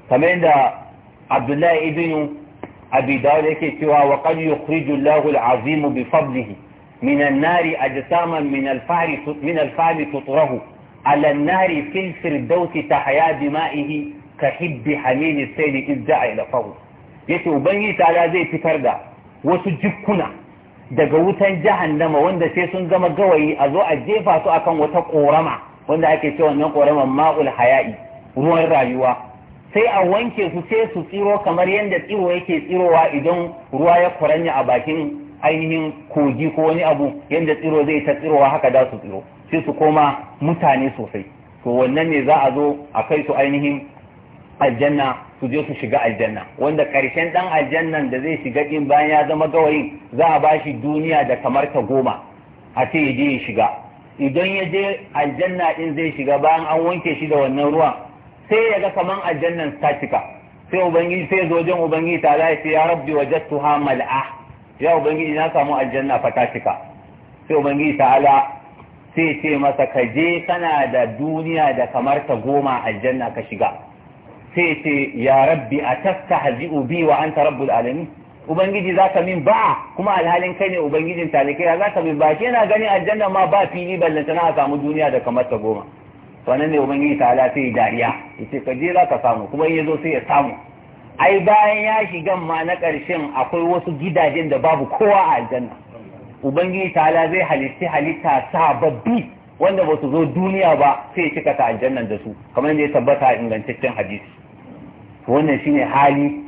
kamar yadda abdullahi ibn abi dawud yake cewa wa qad yukhrijullahu al-azim bi fadlihi من النار أجساما من الفعل من ta تطره على النار في الفردوس تحيا دمائه كحب حميل السيل إذ دعا إلى فوز yace ubangiji ta zai fitar da wasu jikkuna daga wutan jahannama wanda sai sun gama gawayi a zo a jefa su akan wata korama wanda ake cewa wannan koraman ma'ul haya'i ruwan rayuwa sai a wanke su sai su tsiro kamar yadda tsiro yake tsirowa idan ruwa ya kuranya a bakin ainihin kogi ko wani abu yadda tsiro zai ta tsirowa haka za su tsiro sai su koma mutane sosai to wannan ne za a zo a kai su ainihin aljanna su je su shiga aljanna wanda karshen dan aljannan da zai shiga din bayan ya zama gawayin za a bashi duniya da kamar ta goma a ce ya je ya shiga idan ya je aljanna din zai shiga bayan an wanke shi da wannan ruwan sai ya ga kaman aljannan statika sai ubangiji sai zo ubangiji ta ya ya rabbi wajadtuha mal'a ya ubangiji na samu aljanna fa ta sai ubangiji ta'ala sai ce masa ka je kana da duniya da kamar ta goma aljanna ka shiga sai ce ya rabbi a tastahzi'u bi wa anta rabbul alamin ubangiji zaka min ba kuma alhalin kai ne ubangijin talikai zaka min ba yana gani aljanna ma ba fili ballanta na samu duniya da kamar ta goma wannan ne ubangiji ta'ala sai dariya yace ka je zaka samu kuma in yazo sai ya samu ai bayan ya shiga ma na ƙarshen akwai wasu gidajen da babu kowa a aljanna ubangiji ta'ala zai halitta halitta sababbi wanda ba su zo duniya ba sai cika ta aljannan da su kamar yadda ya tabbata a ingantaccen hadisi wannan shine hali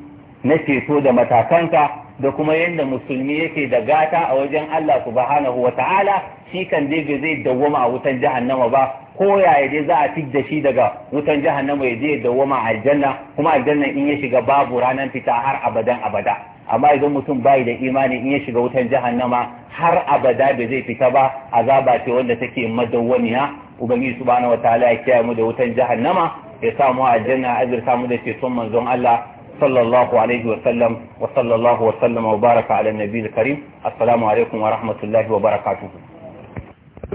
na ceto da matakanka da kuma yadda musulmi yake da gata a wajen Allah subhanahu wa ta'ala shi kan dai zai dawwama a wutan jahannama ba ko yaya dai za a fit da shi daga wutan jahannama ya je dawwama aljanna kuma aljanna in ya shiga babu ranar fita har abadan abada amma idan mutum bai da imani in ya shiga wutan jahannama har abada bai zai fita ba azaba ce wanda take madawwaniya ubangiji subhanahu wataala ya kiyaye mu da wutan jahannama ya samu aljanna azurta mu da ceton manzon Allah sallallahu alaihi wa sallam wa sallallahu wa sallama wa baraka ala nabiyil karim assalamu alaikum wa rahmatullahi wa barakatuh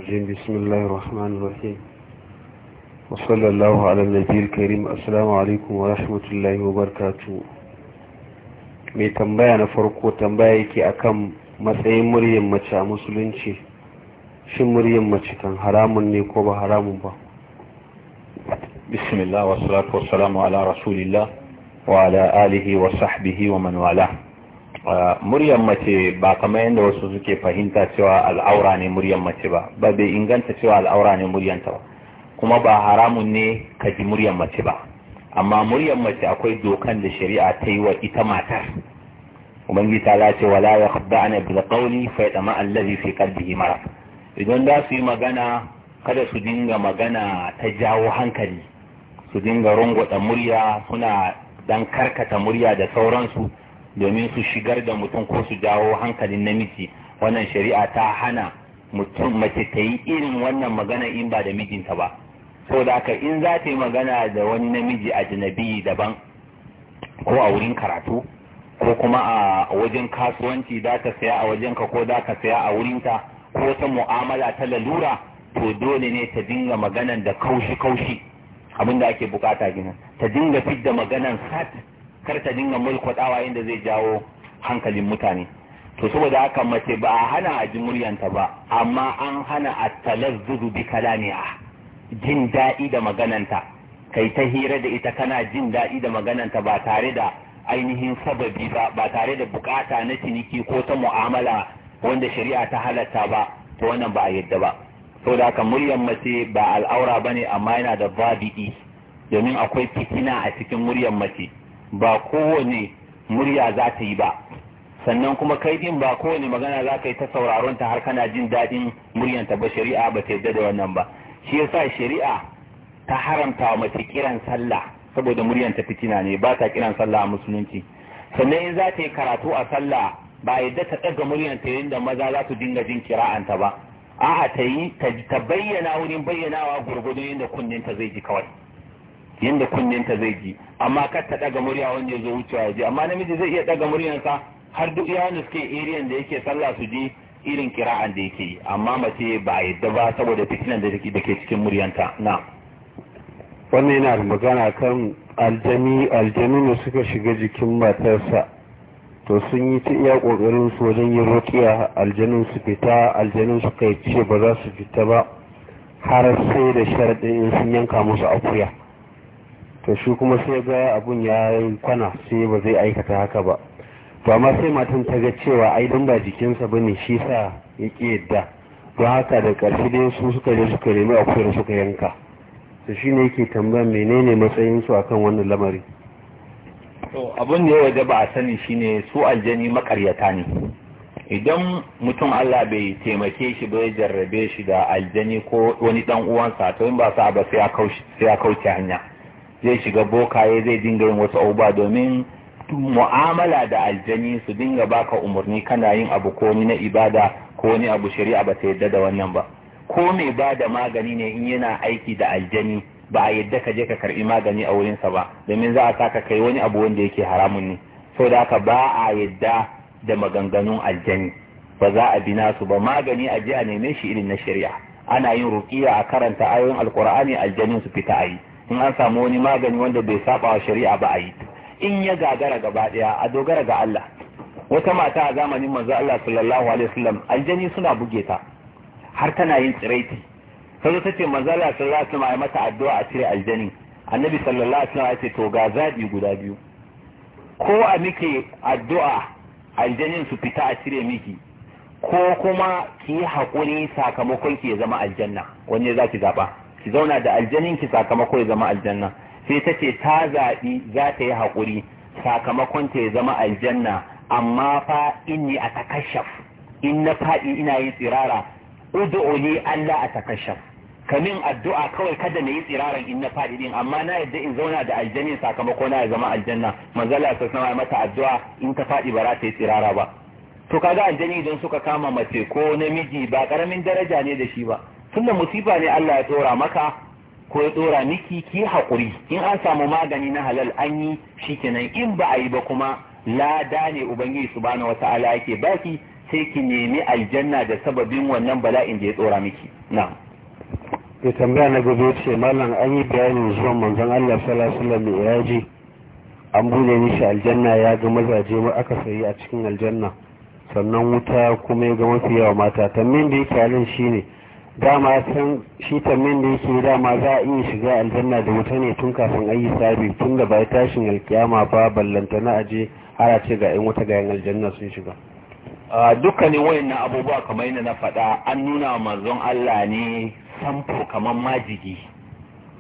بسم الله الرحمن الرحيم وصلى الله على النبي الكريم السلام عليكم ورحمة الله وبركاته mai tambaya na farko tambaya yake akan matsayin muryar mace a musulunci shin muryar mace kan haramun ne ko ba haramun ba
bismillah wa salatu wa salamu ala rasulillah wa ala alihi wa sahbihi wa man wala muryar mace ba kamar yadda wasu suke fahimta cewa al'aura ne muryar mace ba ba bai inganta cewa al'aura ne muryanta ba kuma ba haramun ne ka ji muryan mace ba amma muryar mace akwai dokan da shari'a ta yi wa ita matar ubangiji ta lace wala ya khadda'ana bil qawli fa yadma allazi fi qalbihi marad idan da su yi magana kada su dinga magana ta jawo hankali su dinga da murya suna dan karkata murya da sauransu domin su shigar da mutum ko su jawo hankalin namiji wannan shari'a ta hana mutum mace ta yi irin wannan magana in ba da mijinta ba da aka in za ta yi magana da wani namiji a janabi daban ko a wurin karatu ko kuma a wajen kasuwanci za ka saya a wajenka ko za ka saya a wurinta ko ta mu'amala ta lalura to dole ne ta dinga maganan da kaushi-kaushi abin da ake bukata ginin ta dinga fidda maganan sat kar ta dinga mulkwadawa inda zai jawo hankalin mutane to saboda haka mace ba a hana a ji muryanta ba amma an hana a talazzuzu bi kalamiha jin daɗi da magananta kai ta hira da ita kana jin daɗi da magananta ba tare da ainihin sababi ba ba tare da bukata na ciniki ko ta mu'amala wanda shari'a ta halatta ba to wannan ba a yadda ba so da haka muryan mace ba al'aura ba ne amma yana da babi'i domin akwai fitina a cikin muryan mace ba kowane murya za ta yi ba sannan kuma kai din ba kowane magana za ka yi ta sauraron ta har kana jin daɗin muryanta ba shari'a ba ta yadda da wannan ba shi yasa shari'a ta haramta wa mace kiran sallah saboda muryan ta fitina ne ba ta kiran sallah a musulunci sannan in za ta yi karatu a sallah ba yadda ta ɗaga muryan ta yadda maza za su dinga jin kira'anta ba a'a ta yi ta bayyana wurin bayyanawa gurgudun yadda kunnen ta zai ji kawai yadda kunnen ta zai ji amma kar ta ɗaga murya wanda ya zo wucewa ya ji amma namiji zai iya ɗaga muryansa har duk yawon da suke iriyan da yake sallah su je. irin kira'an da yake amma mace ba a yadda ba saboda fitinan da ke cikin muryanta na
wannan yana da magana kan aljami aljami ne suka shiga jikin matarsa to sun yi ta iya kokarin su wajen yin rokiya aljanin su fita aljanin su kai ce ba za su fita ba har sai da sharadin sun yanka musu akuya to shi kuma sai ga abun ya kwana sai ba zai aikata haka ba to amma sai matan ta ga cewa ai don ba jikinsa ba ne shi sa ya ƙi yadda don haka da ƙarfi dai su suka je suka nemi a kusa suka yanka to shi ne yake tambayar menene matsayinsu akan wannan lamari
to abin da ya waje ba a sani shine su aljani makaryata ne idan mutum Allah bai taimake shi bai jarrabe shi da aljani ko wani dan uwansa to in ba sa ba sai ya kauce hanya zai shiga bokaye zai dinga yin wasu abubuwa domin mu'amala da aljani su dinga baka umarni kana yin abu ko ni na ibada ko ni abu shari'a ba ta yadda da wannan ba ko mai ba da magani ne in yana aiki da aljani ba a yadda ka je ka karbi magani a wurinsa ba domin za a saka kai wani abu wanda yake haramun ne so da haka ba a yadda da maganganun aljani ba za a bi nasu ba magani a je a neme shi irin na shari'a ana yin ruqiya a karanta ayoyin alqur'ani aljanin su fita ayi in an samu wani magani wanda bai saba wa shari'a ba a yi. in ya gagara gaba daya a dogara ga Allah wata mata a zamanin manzo Allah sallallahu alaihi wasallam aljani suna buge ta har tana yin tsiraiti sai ta ce manzo Allah sallallahu alaihi wasallam mata addu'a a cire aljani annabi sallallahu alaihi wasallam ya ce to ga zabi guda biyu ko a miki addu'a aljanin su fita a cire miki ko kuma ki yi haƙuri sakamakon ki ya zama aljanna wanne za ki zaɓa ki zauna da aljanin ki sakamakon ya zama aljanna sai ta ce ta zaɓi za ta yi haƙuri sakamakon ta ya zama aljanna amma fa inni a takashaf in na faɗi ina yin tsirara ud'uni Allah a takashaf kamin addu'a kawai kada na yi tsiraran in na faɗi din amma na yadda in zauna da aljanin sakamako na zama aljanna manzala sa sama mata addu'a in ta faɗi ba za ta yi tsirara ba to kaga aljani idan suka kama mace ko namiji ba karamin daraja ne da shi ba tunda musiba ne Allah ya tsora maka ko ya dora miki ki haƙuri in an samu magani na halal an yi kenan in ba a yi ba kuma lada ne ubangiji subhanahu wata'ala yake baki sai ki nemi aljanna da sababin wannan bala'in da ya tsora miki
na ya tambaya na gobe ce mallam an yi bayanin zuwan manzon Allah sallallahu alaihi wasallam ya ji an bude mishi aljanna ya ga mazaje ma aka sayi a cikin aljanna sannan wuta kuma ya ga mafi yawa mata tambayin da yake halin shine dama san shi tambayin da yake dama za a iya shiga aljanna da wuta ne tun kafin ayi sabi tun da bai tashin alkiyama ba ballanta na aje har a ce ga yan wata gayan aljanna sun shiga
dukkanin wayannan abubuwa kamar yadda na faɗa an nuna manzon Allah ne samfo kamar majigi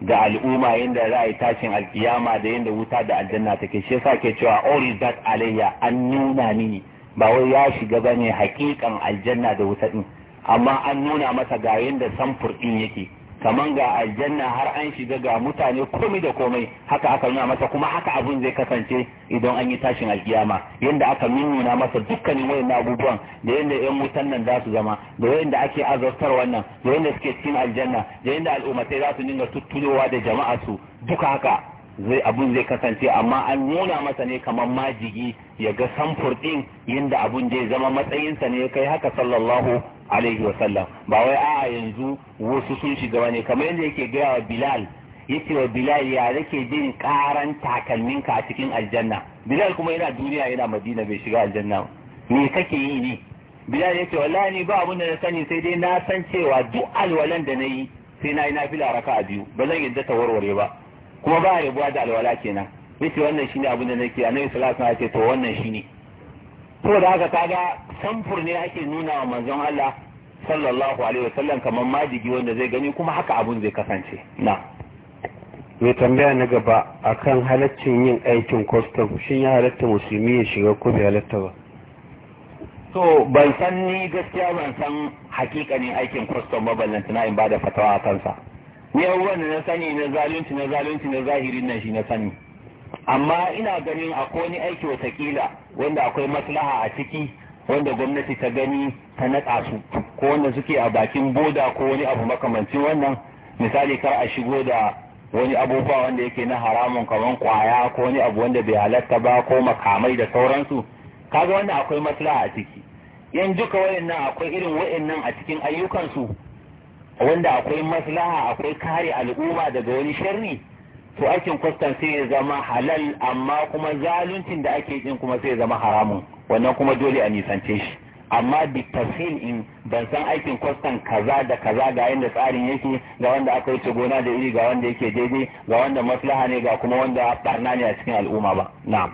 da al'umma yadda za a yi tashin alkiyama da yadda wuta da aljanna take shi yasa ke cewa all that alayya an nuna ni ba wai ya shiga bane hakikan aljanna da wuta din amma an nuna masa ga yadda samfur ɗin yake kaman ga aljanna har an shiga ga mutane komai da komai haka aka nuna masa kuma haka abin zai kasance idan an yi tashin alkiyama yadda aka nuna masa dukkanin wayannan abubuwan da yadda yan wutan nan za su zama da yadda ake azabtar wannan da yadda suke cikin aljanna da yadda al'ummatai za su dinga tuttulowa da jama'a su duka haka zai abun zai kasance amma an nuna masa ne kamar majigi ya ga samfur din yadda abun zai zama matsayinsa ne kai haka sallallahu alaihi wasallam ba wai a'a yanzu wasu sun shiga wani kamar yadda yake gaya wa bilal yake wa bilal ya rake jin karan takalminka a cikin aljanna bilal kuma yana duniya yana madina bai shiga aljanna me kake yi ne bilal yake wallahi ni ba abun da na sani sai dai na san cewa duk alwalan da na yi sai na yi nafila raka a biyu ba zan yadda ta warware ba kuma ba a buwa da alwala kenan yace wannan shine abin da nake annabi sallallahu alaihi wasallam ya ce to wannan shine da haka kaga samfur ne ake nuna wa manzon Allah sallallahu alaihi wasallam kamar majigi wanda zai gani kuma haka abun zai kasance na mai
tambaya na gaba akan halaccin yin aikin kwastam shin ya halatta musulmi ya shiga ko bai halatta ba
to ban san ni gaskiya ban san ne aikin kwastam ba ballantana in ba da fatawa a kansa yau da na sani na zalunci na zalunci na zahirin nan shi na sani amma ina ganin akwai wani aiki watakila wanda akwai maslaha a ciki wanda gwamnati ta gani ta naɗa su ko wanda suke a bakin boda ko wani abu makamancin wannan misali kar a shigo da wani abubuwa wanda yake na haramun kamar kwaya ko wani abu wanda bai halatta ba ko makamai da sauransu kaga wannan akwai maslaha a ciki yan duka wayannan akwai irin wayannan a cikin ayyukansu wanda akwai maslaha akwai kare al'umma daga wani sharri to aikin kwastan sai ya zama halal amma kuma zaluncin da ake yin kuma sai ya zama haramun wannan kuma dole a nisance shi amma bitafin in ban san aikin kwastan kaza da kaza ga yadda tsarin yake ga wanda aka wuce gona da iri ga wanda yake daidai ga wanda maslaha ne ga kuma wanda barna ne a cikin al'umma ba na'am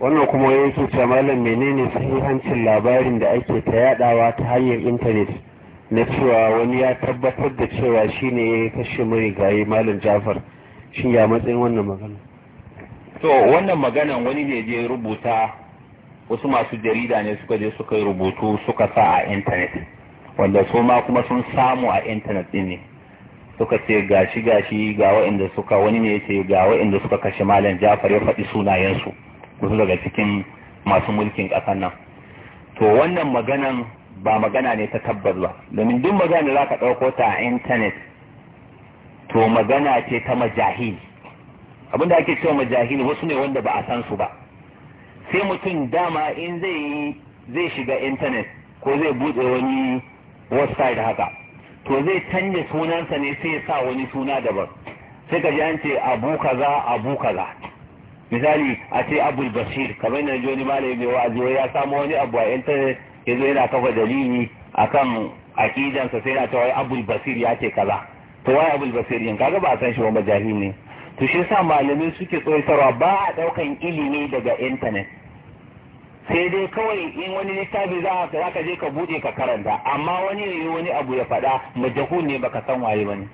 wannan kuma
yake cewa malam menene sahihancin labarin da ake ta yadawa ta hanyar intanet na cewa wani ya tabbatar da cewa shi ne ya kashe marigayi malam jafar shi ya matsayin wannan magana
to wannan maganan wani ne je rubuta wasu masu jarida ne suka je suka yi rubutu suka sa a intanet wanda su ma kuma sun samu a intanet din ne suka ce gashi gashi ga wa'inda suka wani ne ce ga wa'inda suka kashe malam jafar ya faɗi sunayensu wasu daga cikin masu mulkin ƙasar nan to wannan maganan ba magana ne ta tabbas ba domin duk magana za ka ɗauko ta a intanet to magana ce ta majahil abinda ake cewa majahili wasu ne wanda ba a san su ba sai mutum dama in zai zai shiga intanet ko zai buɗe wani website haka to zai canja sunansa ne sai ya sa wani suna daban sai ka ji an ce abu kaza abu kaza misali a ce abul bashir kamar yana wani malami mai wa'azi ya samu wani abu a intanet ya zo yana kafa dalili a kan akidansa sai yana cewa abul basir ya ce kaza to wai abul basir yin kaga ba a san shi ba majahil ne to shi sa malamai suke tsoyarwa ba a daukan ilimi daga intanet sai dai kawai in wani littafi za ka za ka je ka bude ka karanta amma wani yayi wani abu ya faɗa majahul ne baka san waye bane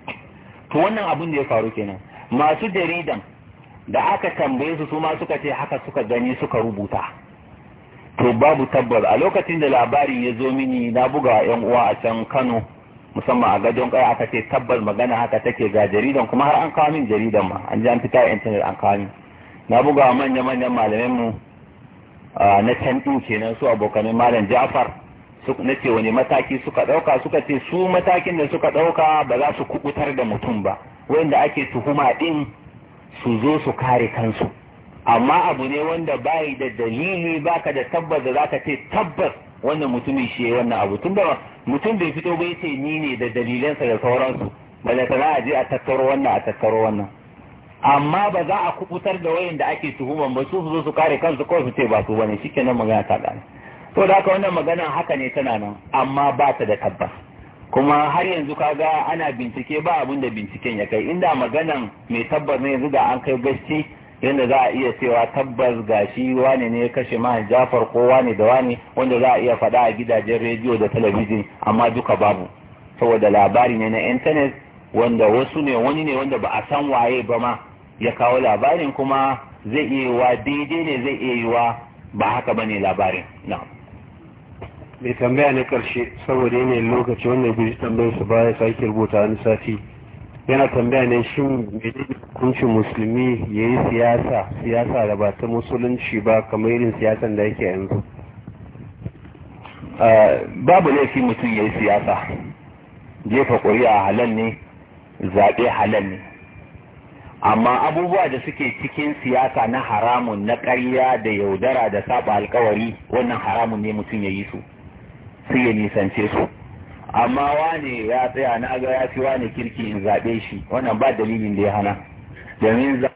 to wannan abun da ya faru kenan masu jaridan da aka tambaye su su ma suka ce haka suka gani suka rubuta to babu tabbas a lokacin da labarin ya zo mini na buga yan uwa a can Kano musamman a gadon kai aka ce tabbas magana haka take ga jaridan kuma har an kawo min jaridan ma an ji an fita internet an kawo min na buga manya manyan malamin mu na can din kenan su abokanin malam Ja'far na ce wani mataki suka ɗauka suka ce su matakin da suka ɗauka ba za su kubutar da mutum ba wanda ake tuhuma din su zo su kare kansu amma abu ne wanda bai da dalili baka da tabbas da zaka ce tabbas wannan mutumin shi ya wannan abu tunda mutum bai fito bai ce ni ne da dalilansa da sauransu ba ta za a je a tattaro wannan a tattaro wannan amma ba za a kubutar da wayan da ake tuhuman ba su zo su kare kansu ko su ce ba su bane shikenan magana ta kare to da haka wannan magana haka ne tana nan amma ba ta da tabbas kuma har yanzu kaga ana bincike ba abin da binciken ya kai inda maganan mai tabbas ne yanzu da an kai gaske yadda za a iya cewa tabbas gashi wane ne ya kashe ma jafar ko wane da wane wanda za a iya faɗa a gidajen rediyo da talabijin amma duka babu saboda labari ne na intanet wanda wasu ne wani ne wanda ba a san waye ba ma ya kawo labarin kuma zai iya yiwa daidai ne zai iya yiwa ba haka ba ne labarin na
mai tambaya na karshe saboda yanayin lokaci wannan biyu tambayar su baya sake rubuta wani sati yana tambaya ne shi menene hukuncin musulmi ya yi siyasa siyasa da ba ta musulunci ba kamar irin siyasan
da yake yanzu ah, babu laifi mutum ya yi siyasa jefa ƙuri'a halal ne zaɓe halal ne amma abubuwa da suke cikin siyasa na haramun na ƙarya da yaudara da saba alkawari wannan haramun ne mutum ya yi su sai ya nisance su amma wane ya tsaya na ga ya fi wane kirki in zaɓe shi wannan ba dalilin da ya hana
domin